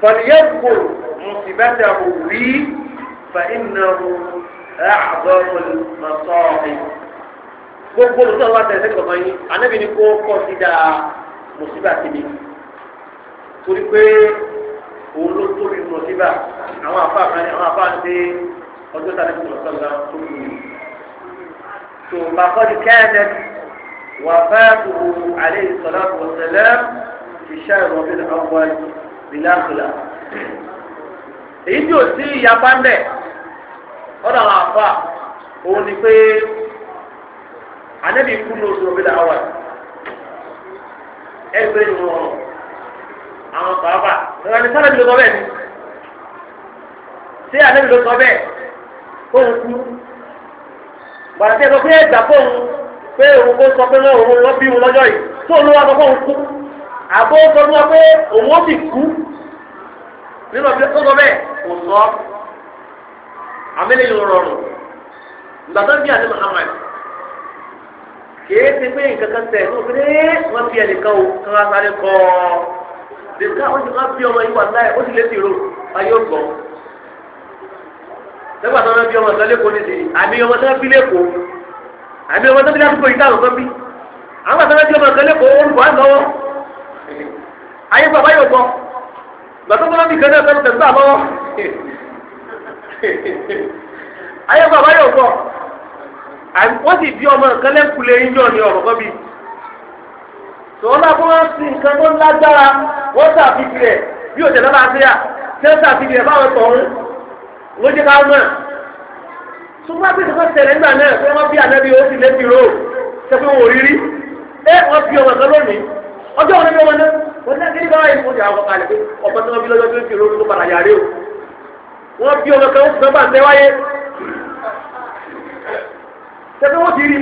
فليذكر مصيبته لي فإنه أعظم المصائب gbogbo olùsọ̀rọ̀ wa tẹ̀sẹ̀ kọ̀ọ̀kan yín anábì ni kó kọ́ sí dáa mùsíbà síbi torí pé òun ló tóbi mùsíbà àwọn afá kan àwọn afá ń dé ọjọ́ tàbí mùsọ̀rọ̀ náà tó kù yìí. tó bàbá di ọ̀dọ̀ àwọn àfa òun ni pé anabi kú ní da rọ̀bìlà awà ẹgbẹ́ ni wọn àwọn bàbá ìwà ni sábà ló sọ bẹ́ẹ̀ ni ṣé anabi ló sọ bẹ́ẹ̀ fóun kú gbàdúrà sọ pé ẹgbà fóun pé òun kó sọ pé òun lọ bí òun lọ́jọ́ yìí tó òun wá sọ fóun kú àbó sọ fún wa pé òun ó sì kú nínú ọ̀bí tó sọ bẹ́ẹ̀ kò sọ àmìlẹ̀ yìí rọrùn gbàtọ́ bí àti Muhammad kìí ti pé nǹkan kan tẹ̀ ní òkèlè wọ́n fi ẹnìkan o kí wọ́n sáré kọ́ ọ nìkan ó ti máa bí ọmọ yìí wà láyé ó sì lé tìró ayé ó gbọ́ nígbà tó ń bí ọmọ sọlé kò ní sí àmì ọmọ tó ń bí lẹ́kọ̀ọ́ àmì ọmọ tó ń bí lásìkò yìí táwọn kan bí àwọn tó ń bí ọmọ sọlé kò orúkọ àgbọ̀wọ́ ayé bàbá yóò gbọ́ gbàtọ́ bọ́lá mi kan náà fẹ́ẹ́ tẹ̀sán àbọ̀wọ́. ayé bàbá yóò gbọ́ wọ́n sì bí ọmọ nǹkan lẹ́kùlé yíyọ ní ọ̀rọ̀ kọ́ tòun náà kó wọ́n sin nǹkan tó lágbára wọ́n sàfihàn rẹ̀ bí òjò lọ́ba ṣe à ṣé báwọn tọ̀hún nígbà náà pé bí ó sì ṣe rírí ẹ ọmọ lónìí ọjọ́ wọn náà wọ́n bí ọmọ kan ó ti sọ́gbà ń tẹ́ wáyé tẹ́tẹ́ wọ́n ti rí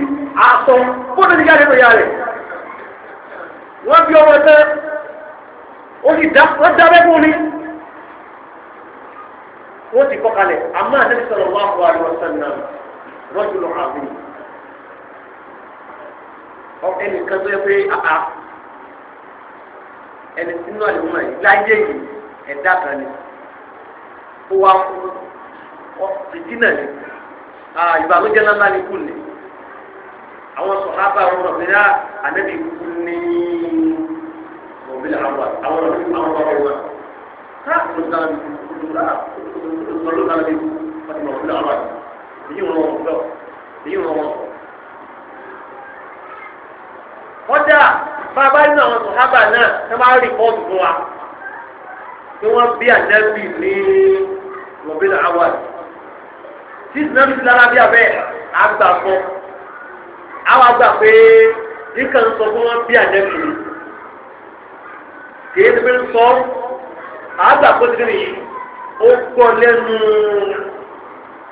àtọ̀ fóònù ti jáde lóya rẹ̀ wọ́n bí ọmọ tẹ́ ó sì dá wọ́n dá bẹ́ẹ̀ fún ni wọ́n ti kọ́ kalẹ̀ àmọ́ àti sọ̀rọ̀ wá fún àríwá sẹ́nà rọ́jò lọ́wọ́ àbí ẹnì kan tó yẹ pé àá ẹnì sínú àlùmọ́ yìí láyé yìí ẹ̀dá kan ni ó wá ni, fìtínà ni ìbànújẹ́ ńlá ni kú ni àwọn sọ̀hábà wọn lọ bẹ́ẹ̀ ni kú ní òbílẹ̀ àwọn àwọn ọ̀rọ̀ nípa àwọn ọ̀rọ̀ wọn ká ló dára bí kú ló dára ló dára bí kú wọ́n ti mọ̀ òbílẹ̀ àwọn àti èyí wọn wọn lọ èyí wọn wọn. kọ́dà bàbá inú àwọn sọ̀hábà náà ẹ máa rí kóòtù fún wa pé wọ́n bí ànábì ní lọ́bí là á wà ní. tí ìsìnàmì ti lára bí abẹ́ àgbà fọ́ àwọn àgbà pé ìkà ń sọ fún wọn bí àjẹkù ni kìí ti fi ń sọ àgbà kó ti nìyí ó gbọ́ lẹ́nu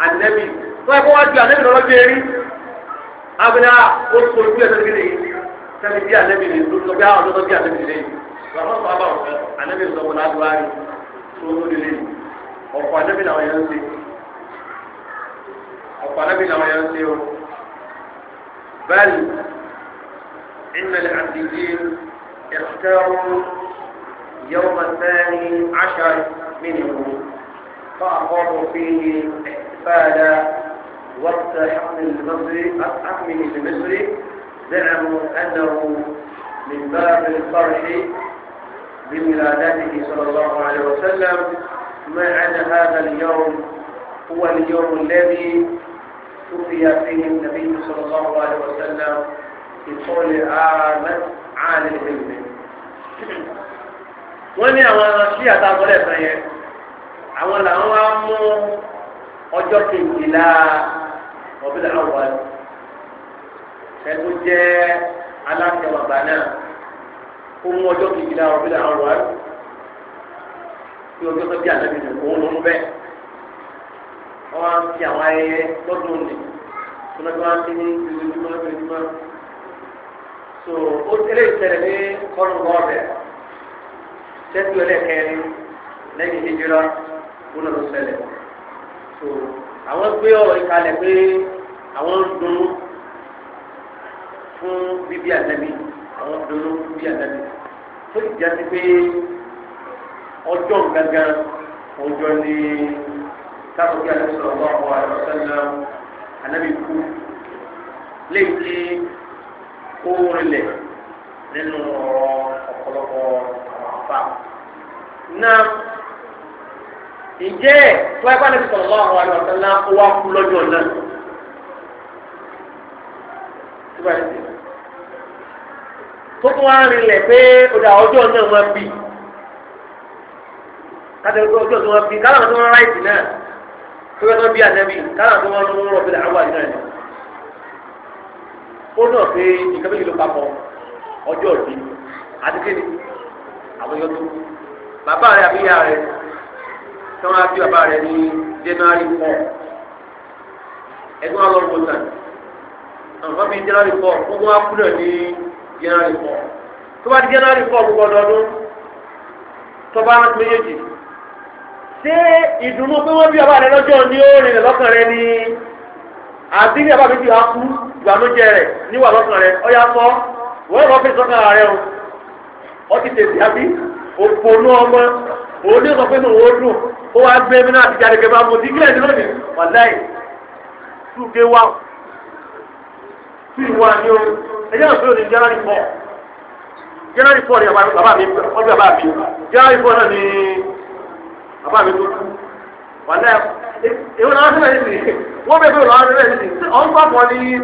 ànẹ́mì tó ẹ̀kọ́ wá ju ànẹ́mì lọ́wọ́ jẹ́ rí abiná ah, ó sọ ojú ẹ̀ nìyí sẹ́ni bí ànẹ́mì ni ló ah, bí àwọn ọ̀dọ́ bí ànẹ́mì ni lọ́wọ́ sọ àbáwọ̀ ah, ànẹ́mì sọ wọn láti tó lóde lẹ́yìn. بل إن العبدين اختاروا يوم الثاني عشر منهم فأقاموا فيه احتفالا وقت حكم المصري أحمل المصري زعموا أنه من باب الفرح بميلادته صلى الله عليه وسلم معنا هذا اليوم هو اليوم الذي توفي فيه النبي صلى الله عليه وسلم بطول عام عن الهم wọ́n ní àwọn ṣí àtàkọ́lẹ̀ sàn yẹn àwọn làwọn wá mú ọjọ́ kejìlá ọ̀bílẹ̀ àwọn ẹ̀kú jẹ́ aláṣẹ wàgbà náà ó mú ọjọ́ kejìlá ọ̀bílẹ̀ àwọn ẹ̀kú tí ojú ọjọ́ bí ànábì nù òun ló ń bẹ́ wọ́n wá ń fi àwọn ayẹyẹ lọ́dún ní tọ́lọ́dún wá ń fi ní ojoojúmọ́ ojoojúmọ́ so ó tẹ́lẹ̀ ìṣẹ̀lẹ̀ ní kọ́nù bọ́ọ̀dẹ̀ sẹ́tù ẹlẹ́kẹrin lẹ́yìn hijira ó lọ́dún ṣẹlẹ̀ so àwọn gbé ọ̀rọ̀ ìkalẹ̀ pé àwọn ń dunnú fún bíbí ànábì àwọn ń dunnú fún bíbí ànábì tó ìjà ti pé ọjọ́ gángan ọjọ́ ní sábàbí àdúgbò ọgbà ọgbà àdúgbò ànábì kú léyìí tí ó rinlẹ̀ nínú ọ̀rọ̀ ọ̀pọ̀lọpọ̀ àwọn àfa. náà ǹjẹ́ tó ẹgbẹ́ àdúgbò ọgbà ọgbà àdúgbò ńlá ó wá kú lọ́jọ́ náà. tó tún wá rinlẹ̀ pé ọ̀dà ọjọ́ náà wọ́n bí i kátàkùn ojú ọ̀tún wọn bí kálọ̀ tó wọn ráìtì náà tó wọn tó bí ànábì kálọ̀ tó wọn mú rọ̀bìlà àwọn àdínà ni. ó náà pé nǹkan méjì ló papọ̀ ọjọ́ òbí àti kéde àwọn yọtú bàbá rẹ àbí ìyá rẹ tí wọn á bí bàbá rẹ ní January four ẹgbẹ́ wọn lọ́rùn mọ́tàn àwọn bíi January four gbogbo wa kú náà ní January four tó bá di January four gbogbo ọdọọdún tó bá méjèèjì. ṣé ìdùnnú pé wọ́n bí ọba rẹ lọ́jọ́ ní ó rìnrìn lọ́kàn rẹ ni àti ní ọba ti wá ìgbàlójẹ rẹ níwà lọ́kàn rẹ ọ̀yà sọ wọ́n lọ fi sọ́kàn o ọ ti tètè àbí òpònú ọmọ òun ní sọpé nù ó dùn ó wá gbé mi náà ti jáde kẹfà mo ti gílẹ̀ nínú mi wàláì túgé wá tí ìwà ni o ẹjẹ́ àbá mi tó wàlẹ́ ìwé làwọn sílẹ̀ yìí nìyí wọ́n bẹ̀ bẹ̀ làwọn sílẹ̀ yìí nìyí ọ̀n bá pọ̀ ní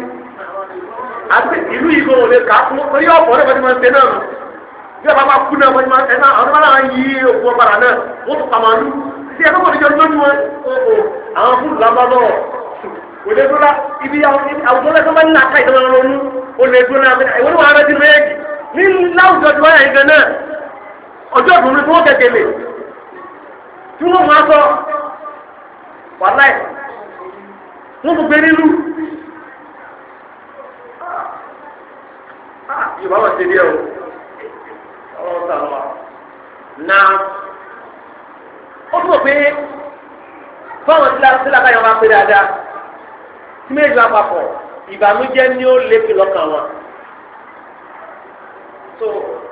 àti ìlú ìgò òde kà á fún wọn yóò pọ̀ lẹ́gbẹ̀ẹ́ tí wọ́n ṣe náà nù bí ẹ bá bá kú náà wọ́n máa ẹ náà ọ̀dọ́ náà yí òkú ọ̀bàrà náà wọ́n tó pàmò àlú tí ẹ bá wọlé jọ lójú wọn àwọn fúlù lábá lọ òde dúró ibi àwùjọ lẹ́sọ̀ bá ní àká ìdáná lọ́nu òde dúró náà ìwé ni wàá rẹ́ ti rẹ́ẹ̀kì ní láwùjọ ti wáyà ìgbẹ́ náà ọjọ́ ìgbòmí fún ó kẹ̀kẹ́ lè tí wọ́n máa sọ wàláì wọ́n kò gbé nílùú. Ah, Yorùbá wọ̀ sí díẹ̀ o, ọlọ́run sàlọ́ wa. Na ó mọ̀ pé fáwọn sílá báyọ̀ máa pé dáadáa tí méjì wá papọ̀ ìbànújẹ́ ni ó lékè lọ́kàn wọn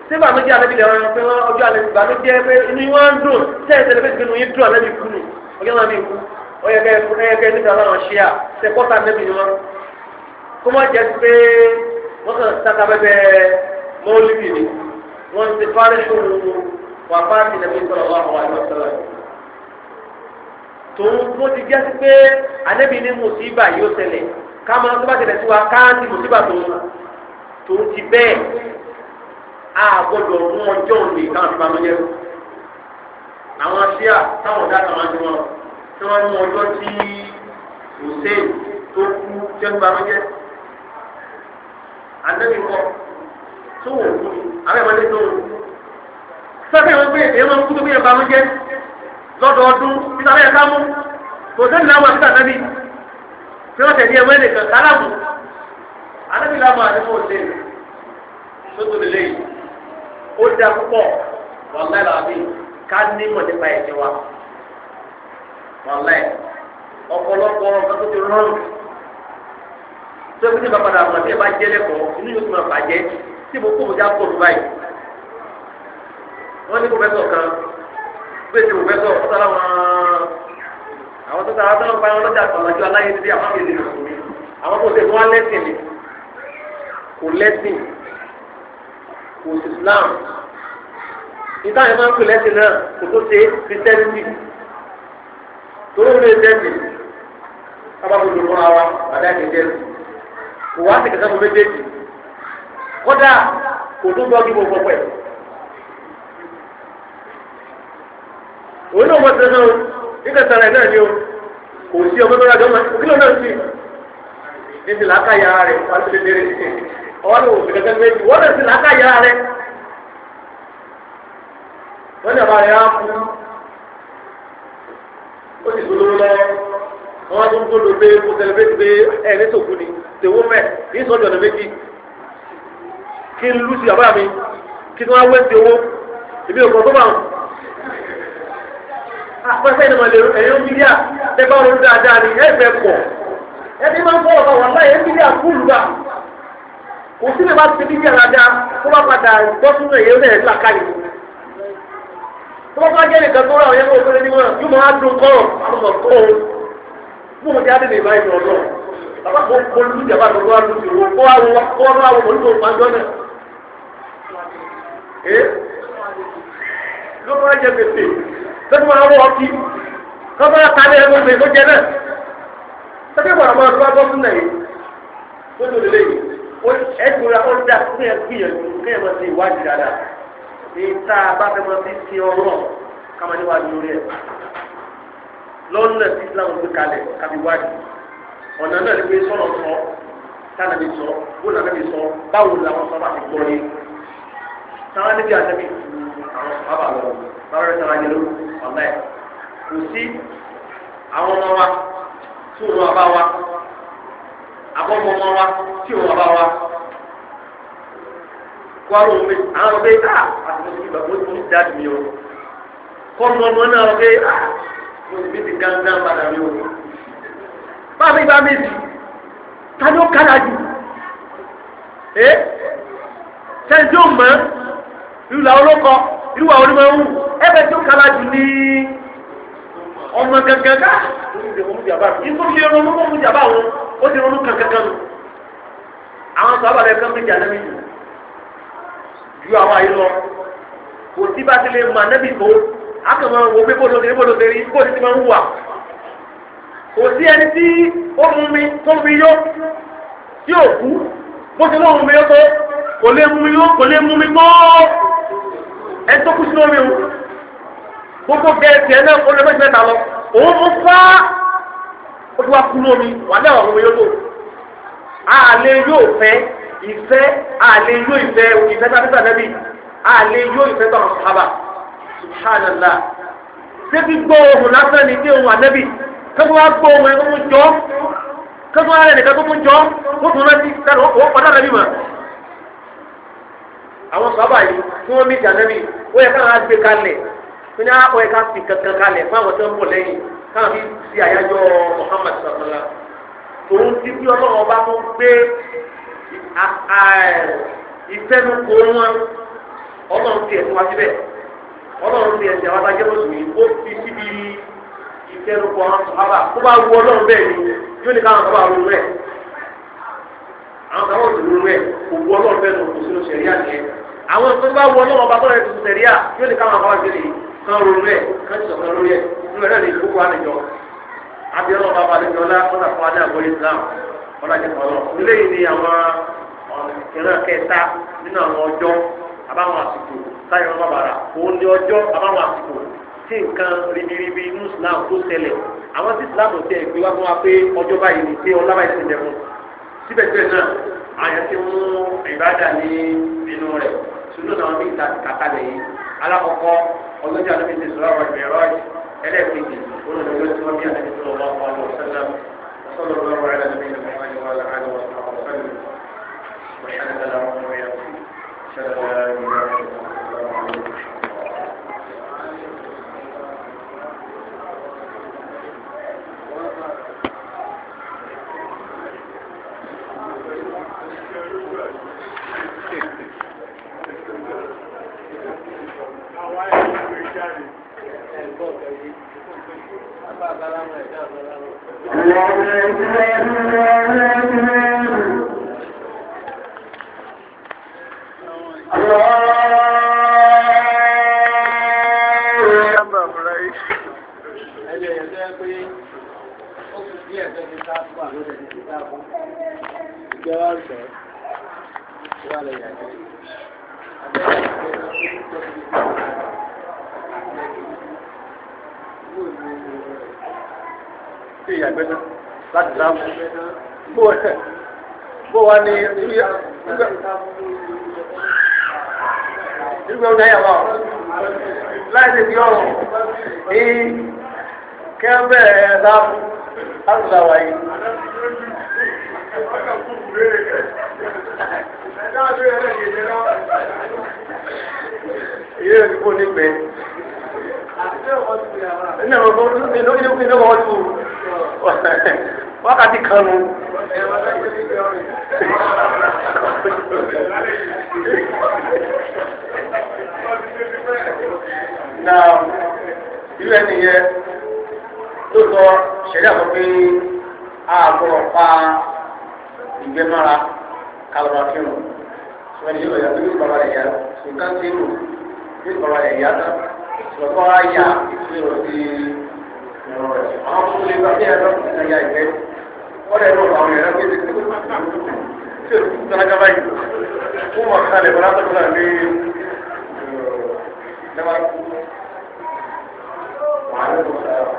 ṣé bàmídìí alẹ́ bí lè rán pé ọjọ́ alẹ́ bàmídìí ẹ pé inú wọn ń dùn sẹ́yìn tẹ́lẹ̀ bẹ́ẹ̀ gbẹnu yín dùn alẹ́ kú ni ọjọ́ náà bí kú ọyẹkẹ ẹyẹkẹ níta láwọn ṣe à ṣe pọ́tà nẹ́bí ni wọn kó má jẹ́ pé wọ́n kàn sáka bẹ́bẹ́ mọ́lìbì ni wọ́n ti fárí ṣòro wà fáàtì nàbí sọ̀rọ̀ wà wà ní ọ̀sẹ̀ láti tòun tó ti jẹ́ sí pé anẹ́bí ní mùsíbà yóò ṣẹlẹ̀ ká máa tó bá ṣẹlẹ̀ sí wa ká ní mùsíbà tòun tòun ti bẹ́ẹ̀ àgbọ̀dọ̀ mú ọjọ́ òní táwọn fi máa ń yẹ àwọn ṣíà táwọn ọ̀dà kan máa ń wọn tí wọ́n mú ọjọ́ tí hussein tó kú jẹ́ ń máa ń yẹ àdébí kọ tó wò kú abẹ́ ìwọlé tó wò sọ́kẹ́ wọn ọdụ èèyàn máa kú tó bí ẹ̀ bá ń yẹ lọ́dọọdún bí sábẹ́ ẹ̀ ká mú kò sẹ́ni náà wọ́n wọ́n tẹ̀lé ó dá púpọ̀ wàláì làbí ká nímọ̀ nípa ẹ̀jẹ̀ wa wàláì ọ̀pọ̀lọpọ̀ ọ̀gá tó ti rọrùn tó ẹbí ní bàbá náà mọ̀ tí ẹ bá jẹ́ lẹ́kọ̀ọ́ inú yóò tún máa bàjẹ́ tí mo kó mo já pọ̀ lùbáyì wọ́n ní pòfẹ́sọ̀ kan pé ti pòfẹ́sọ̀ sára wọn àwọn tó sára sára báyọ̀ lọ́jà àtàlájú aláyé ti dé àwọn àgbègbè àwọn kò lẹ́sìn kò sí Islam ìta yẹn máa ń náà kò tó ṣe Christianity tó ń lè dẹ́sì abáfojò fún ara àdá ìdẹ́jẹ́ kò wá sí kẹsàn-án méjèèjì kódà kò tó gbọ́ kí gbogbo pẹ̀. òun náà wọ́n ti sẹ́nu nígbà sára ẹ̀ náà ni o kò sí ọmọ tó rájọ́ mọ́ òkìlọ̀ náà sí ọwọ́ ní òsì kẹ̀kẹ́ wọ́n lè sin rẹ̀ wọ́n lè bá rẹ̀ á fún ó sì gbólóró lọ́wọ́ wọ́n tún pé kó pé ẹ̀ ní ni tèwó mẹ́ sọ́jọ́ kí n lù sí àbá mi kí n wá wé ti owó òsì lè bá ti bí yàrá tó bá padà gbọ́ sínú èyí rẹ̀ là káyì. tó bá bá jẹ́ nìkan tó rà ọ̀yẹ́ ló fẹ́rẹ́ níwọ̀n yóò máa dùn kọ́rọ̀ àmọ̀ kọ́ o. mú mi jáde lè bá ìdùn ọ̀dọ́. bàbá kò kó lu ìjàmbá tó wá lu ìwọ kó wá wọ kó wá wọ olú òun máa jọ́nà. ẹ ló máa jẹ gbèsè tó tún máa wọ ọtí tó bá kálẹ̀ ẹ̀ lóṣèlú jẹ náà. sẹ́kẹ̀ bọ̀rọ̀ máa tó bá bọ́ sínú ẹ̀yìn tó ẹ̀dùnra ó dà kí ẹ gbìyànjú kí ẹ máa ṣe ìwádìí dáadáa ní tá a bá fẹ́ máa fi ṣe ọ̀rọ̀ ká máa níwájú lórí ẹ̀ lọ́nà tí Islam gbé kalẹ̀ kábí wádìí ọ̀nà náà ló gbé sọ̀rọ̀ sọ tánà mi sọ bóun náà mi sọ báwo làwọn sọ bá ti gbọ́ ni táwọn níbi àtẹ́bí àwọn bàbá lọ bàbá rẹ̀ sára yẹlò ọ̀nà ẹ̀ kò sí àwọn ọmọ wa tó ń bá wa abọ́mọmọ wa tí o bá wa kó àwọn ọmọ yìí àwọn ọmọ yìí ah àti mo ti o mo ti dá mi o kọ́ ọmọ ọmọ náà ọmọ yìí ah mo ti gángan padà mi o bá mi bá mi jù tani ó kára jù ẹ sẹ́ńtì ó mọ̀ ẹ́ ìlú làwọn ló kọ ìlú àwọn onímọ̀ ẹ̀ wù ẹ bẹ́ẹ̀ tí kára jù ní ọmọ gangan ká ikú fi ronú mọ́ mu jàmbá wọn ó ti ronú kankankan nù àwọn sábà rẹ̀ kán méjì ànábì jù ju àwọn àyè lọ kò sí bá ti lè mọ ànábì tó akọ̀mọ̀ wo pé bọ́dọ̀ tẹ̀lé bọ́dọ̀ tẹ̀lé kó o ti ti máa ń wà kò sí ẹni tí ó mú mi tó mi yó tí ò kú bó ti lóun mi yó tó kò lè mú mi yó kò lè mú mi gbọ́ ẹ tó kú sínú omi o gbogbo bẹ́ẹ̀ tiẹ̀ náà ó lé méjì mẹ́ta lọ òun mú fá ó ti wá kú lómi wà ní àwọn ọmọ yòókù àlè yóò fẹ́ ìfẹ́ àlè yóò ìfẹ́ ìfẹ́ sábẹ́sà nẹ́bí àlè yóò ìfẹ́ tó àwọn sábà subhanallah débi gbọ́ ohun lásán ni dé ohun ànẹ́bí kẹ́kọ̀ọ́ wá gbọ́ ohun ẹ̀kọ́ mú jọ́ kẹ́kọ̀ọ́ wá rẹ̀ nìkan tó mú jọ́ ó tún rántí sẹ́nu ó padà rẹ̀ bímọ. àwọn sábà yìí tí wọ́n mí ìjà nẹ́bí ó yẹ káwọn á gbé kalẹ̀ mo ní ka ẹka fi kankan kalẹ̀ fún àwọn tó ń bọ̀ lẹ́yìn káwọn fi ṣe àyájọ́ Muhammad sọ̀rọ̀lá tòun ti bí ọlọ́run ọba tó gbé ìfẹ́nukò wọn ọlọ́run ti ẹ̀sìn wá síbẹ̀ ọlọ́run ti ẹ̀sìn àwọn lọ́sùn yìí ó fi síbi kó bá wu ọlọ́run bẹ́ẹ̀ ni yóò ní káwọn àwọn kò wu ọlọ́run bẹ́ẹ̀ ni kò àwọn tó bá kan ronú ẹ̀ kan sọ̀kan lórí ẹ̀ nínú ẹ̀rọ ìlú wa nìjọ abiyọ́nà ọba balẹ̀jọ́ lá kọ́nà fún adé àgbọ̀ Islam ọ̀là jẹ̀kọ̀lọ́ nílé yìí ni àwọn ìran kẹta nínú àwọn ọjọ́ abáwọn àsìkò táyọ̀ ọba bàrà òun ni ọjọ́ abáwọn àsìkò tí nǹkan ribiribi inú Islam tó ṣẹlẹ̀ àwọn tí Islam tẹ̀ gbé wá fún wa pé ọjọ́ báyìí ni pé ọlá báyìí ti dẹ̀kun síbẹ̀síbẹ̀ náà àyàn ti mú ìbádà ní inú rẹ̀ ṣùgbọ́n àwọn bí ìta kàkálẹ̀ yìí alakọkọ ọlọjà lóbi ti sọ̀rọ̀ àwọn ìbẹ̀rẹ̀ ọjì ẹlẹ́ẹ̀kejì olùdókòwò tí wọn bí àlejò tó lọ wọn lọ sẹlẹm sọlọ lọ wọn ẹlẹ́ẹ̀kejì lóbi ní wọn yóò wọlé àlọ wọn sọlọ sọlọ wọn ṣẹlẹ̀ lọ́wọ́ wọn yẹ wa ni ìgbà òun náà yàgbọ́ láì ṣe ti ọrùn ní kẹ́ńbẹ̀ láàbù àrùlá wáyé. Iye rẹ̀ kò ní pẹ́. Ní ọ̀pọ̀ ọdún ní ọdún ní ọdún ní ọdún wákàtí kan nu. na irú ẹni tó sọ ṣẹlẹ àgbọ pé àgbọrọ pa ìgbẹmọra kálọrọ kírun sọ̀rọ̀ yìí lọ́yà tó yóò bàbá rẹ̀ yá nǹkan tí lò yóò bàbá rẹ̀ yá tán sọ̀rọ̀ bá yà ìṣirò sí ìrọ̀rẹ̀ àwọn tó lè gbà bí ẹ̀rọ ìṣẹ̀yà ìgbẹ́ wọ́n yẹ kó àwọn yẹn lọ́gbẹ́ tí o tún tẹ́lẹ̀ gaba yìí kó mọ̀ ká lè bọ́lá tó kọ́lá ní ẹ̀ẹ́dẹ́gbàá.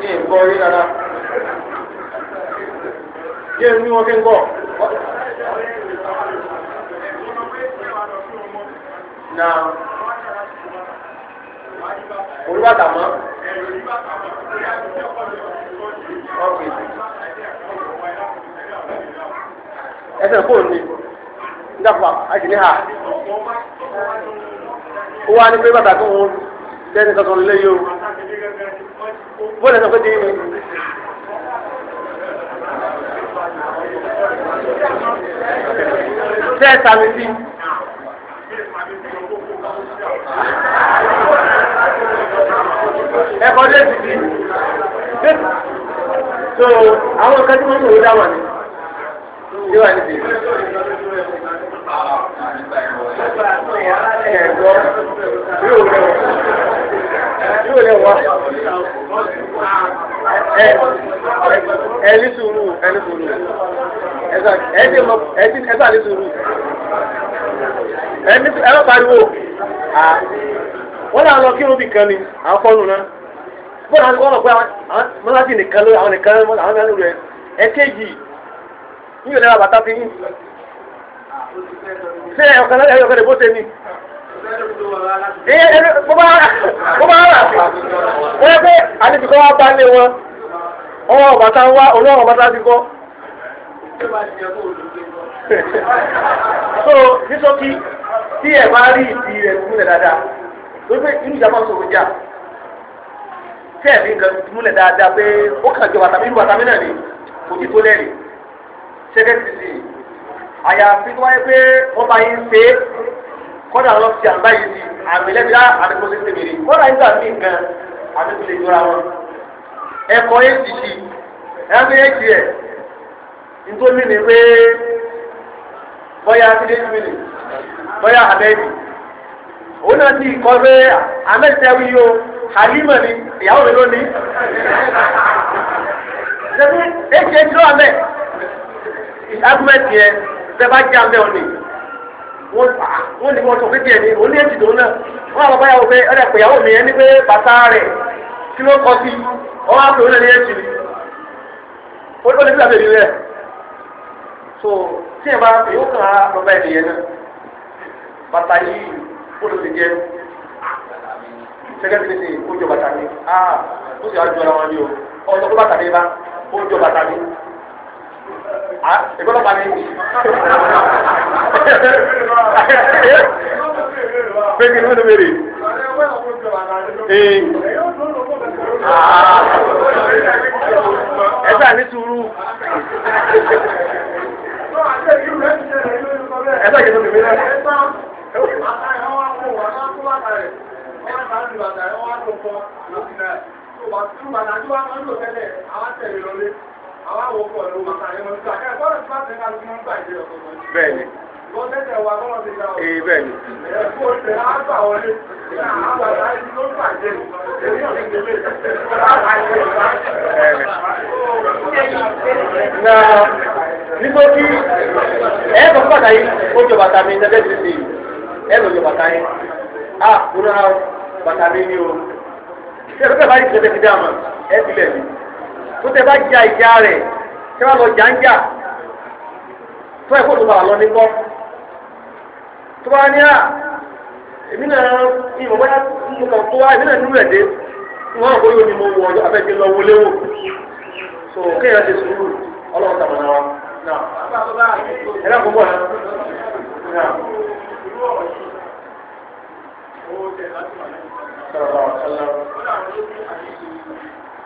ní ìgbọ́ orí dada yé ní wọn kí ń gbọ́. na olùbàdà mọ́. ẹsẹ̀ fóònù ni ndàpọ̀ àjìníhà ó wá ní pé bàtà tó ń tẹ́ni kankan lé yìí o bóyá sọ pé dín ní. tẹ́ ẹ sàmì sí. ẹ̀kọ́ dé ti di. so àwọn kan tí wọ́n ń wò ó dá wà ní. ṣé wà ní Nípa àti ìyára ẹ̀gbọ́ yóò lẹ́wọ̀. Yóò lẹ́wọ̀. Ẹni sùúrù, ẹni sùúrù. Ẹni mọ, ẹni ẹgbà ní sùúrù. Ẹni ẹlọ́ pariwo. Wọ́n náà lọ kírun bì kan ni, àwọn fọ́nù náà. Bọ́ọ̀lù àwọn ọ̀pẹ mọ́lájì nìkan ló àwọn nìkan àwọn nìkan ló rẹ̀. Ẹ̀kejì, yóò lẹ́wọ̀ bàtà fi yín. ṣé ẹ̀yọ̀kan lè bó ṣe ni. bó bá rà sí wọ́n yẹ pé àlejò kan wá bá lé wọn ọwọ́ ọ̀bàtà ń wá olóòrùn ọ̀bàtà ti kọ́. so nítorí tí ẹ̀ bá rí ìdí rẹ̀ múlẹ̀ dáadáa wípé inú ìjàmbá sọ̀rọ̀ jà tí ẹ̀ fi nǹkan múlẹ̀ dáadáa pé ó kàn jọ bàtàmí ìlú bàtàmí náà ni kò ní tó lẹ́rìí ṣẹ́gẹ́ ti sìn àyàfi tó wáyé pé wọ́n bá yín ṣe é kọ́dà lọ sí àgbá yìí sí àmì lẹ́bíyá àdìpọ̀ sí tèmèrè kọ́dà yín gbà mí nǹkan àmì tó lè jọra wọn. ẹ̀kọ́ yẹn ti ṣì ẹ̀mí yẹn ti ẹ̀ nítorí ni pé bọ́yá abídé mi ni bọ́yá abẹ́mi òun náà ti kọ́ pé amẹ́tẹ́wì yóò halima ni ìyàwó mi lónìí. ṣé bí èkejì lọ́wọ́ mẹ́ ìdágúmẹ́tì yẹn bẹ́ẹ̀ já ń bẹ́ ọ ni wọ́n fà á wọ́n ní wọ́n sọ pé tiẹ̀ ni òun ní ètùtù náà wọ́n àwọn báyàwó pé ọ̀rẹ́ pèyàwó mi ẹni pé bàtà rẹ̀ kí ló kọ sí ọwọ́ àpè òun ní ètùtù ó ní fílà bèbí rẹ̀ so tí ẹ bá èyí ó kàn á lọ bá ẹnìyẹn náà bàtà yìí ó ló ti jẹ sẹkẹtiri ti ó jọ bàtà ni. ah ó sì á jọ ara wọn ni. o ọ̀sán tó bàtà mi bá ó jọ bàtà mi ìgbọ́dọ̀ pa ní. Bẹ́ẹ̀ni ló ń bèrè. Ẹ gbà ní sùúrù. Ẹ gbà kìí bèrè. Wọ́n á tẹ̀lé lọlé àwọn àwọn ọkọ̀ ló máa ta ẹ̀mọ́ nígbà kẹ́kẹ́ bọ́ọ̀lù tí máa tẹ̀ ká ló fi máa ń gbà ìdí ọ̀tọ̀ mọ́. bẹ́ẹ̀ni. ìgbọ́sẹ̀sẹ̀ bẹ́ẹ̀ni. ẹ̀kú oṣù tí ẹ ẹ yìí ó jọ bàtà mi ní ẹgbẹ́ ti ẹ jọ bàtà yìí ah kúrò náà bàtà mi ni o ṣé ẹ bẹ́ẹ̀ bá yìí ṣe fẹ́ fi dá àmà ẹ tó tẹ bá ja ìjà rẹ̀ tẹ bá lọ jàǹjà tó ẹ kó tó bàa lọ ní kọ́ tó bá ní à èmi náà ìmọ̀ bá mo kàn tó wá èmi náà nínú ẹ̀dẹ́ wọn àwọn olóyún ni mo wọ ọjọ́ abẹ́jẹ́ lọ wọlé wò so kéèyàn ti sùúrù ọlọ́run tàbí náà náà ẹ náà kó bọ̀ náà. Sọ̀rọ̀ sọ̀rọ̀.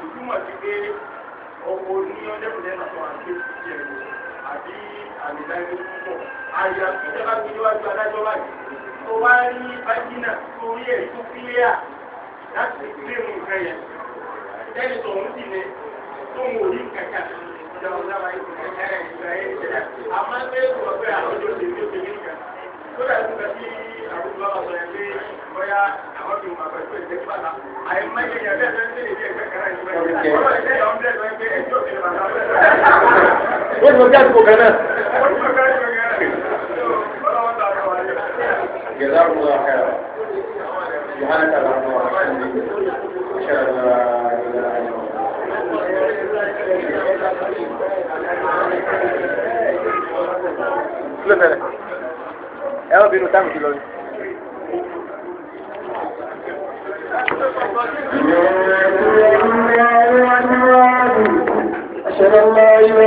ojúmọ̀ sí pé ọkọ̀ ní ọjọ́kùnrin náà wà ní èsì ẹ̀rọ àbí àmì láìpẹ́ púpọ̀ àyà tó jọba gbé níwájú adájọ́ báyìí tó wá ní bájínà tó rí ẹ̀ tó kílíà láti gbé mu nǹkan yẹn tẹ́lẹ̀ tó ń sì ní tó ń wò ní kàkà ìjọba ìjọba ìjọba ìjọba ìjọba àmọ́ ẹgbẹ́ ìwọ̀n pé àwọn ọjọ́ tèmi ó tèmi nìkan tó dàbí àwùjọ ọ̀sọ̀ ẹgbẹ́ bóyá àwọn tó máa pẹ̀lú èdè pàtà àìmọ́ ìyẹn bẹ́ẹ̀ tó ń tẹ̀lé ilé ẹgbẹ́ kan náà ìgbẹ́ ọ̀rọ̀ ìdẹ́ ìyọ̀ ń bẹ́ẹ̀ tó ń gbé ẹjọ́ òkè màtà bẹ́ẹ̀. ó ti mọ̀ kí àtúkò kan náà. ó ti mọ̀ kí àtúkò kan náà. ọlọ́wọ́ tó àtọ̀ wáyé. جزاك الله خيرا سبحانك اللهم وبحمدك اشهد ان لا اله الا انت ẹ ọ bínú táàmù ti lọ ni. أشهد أن لا إله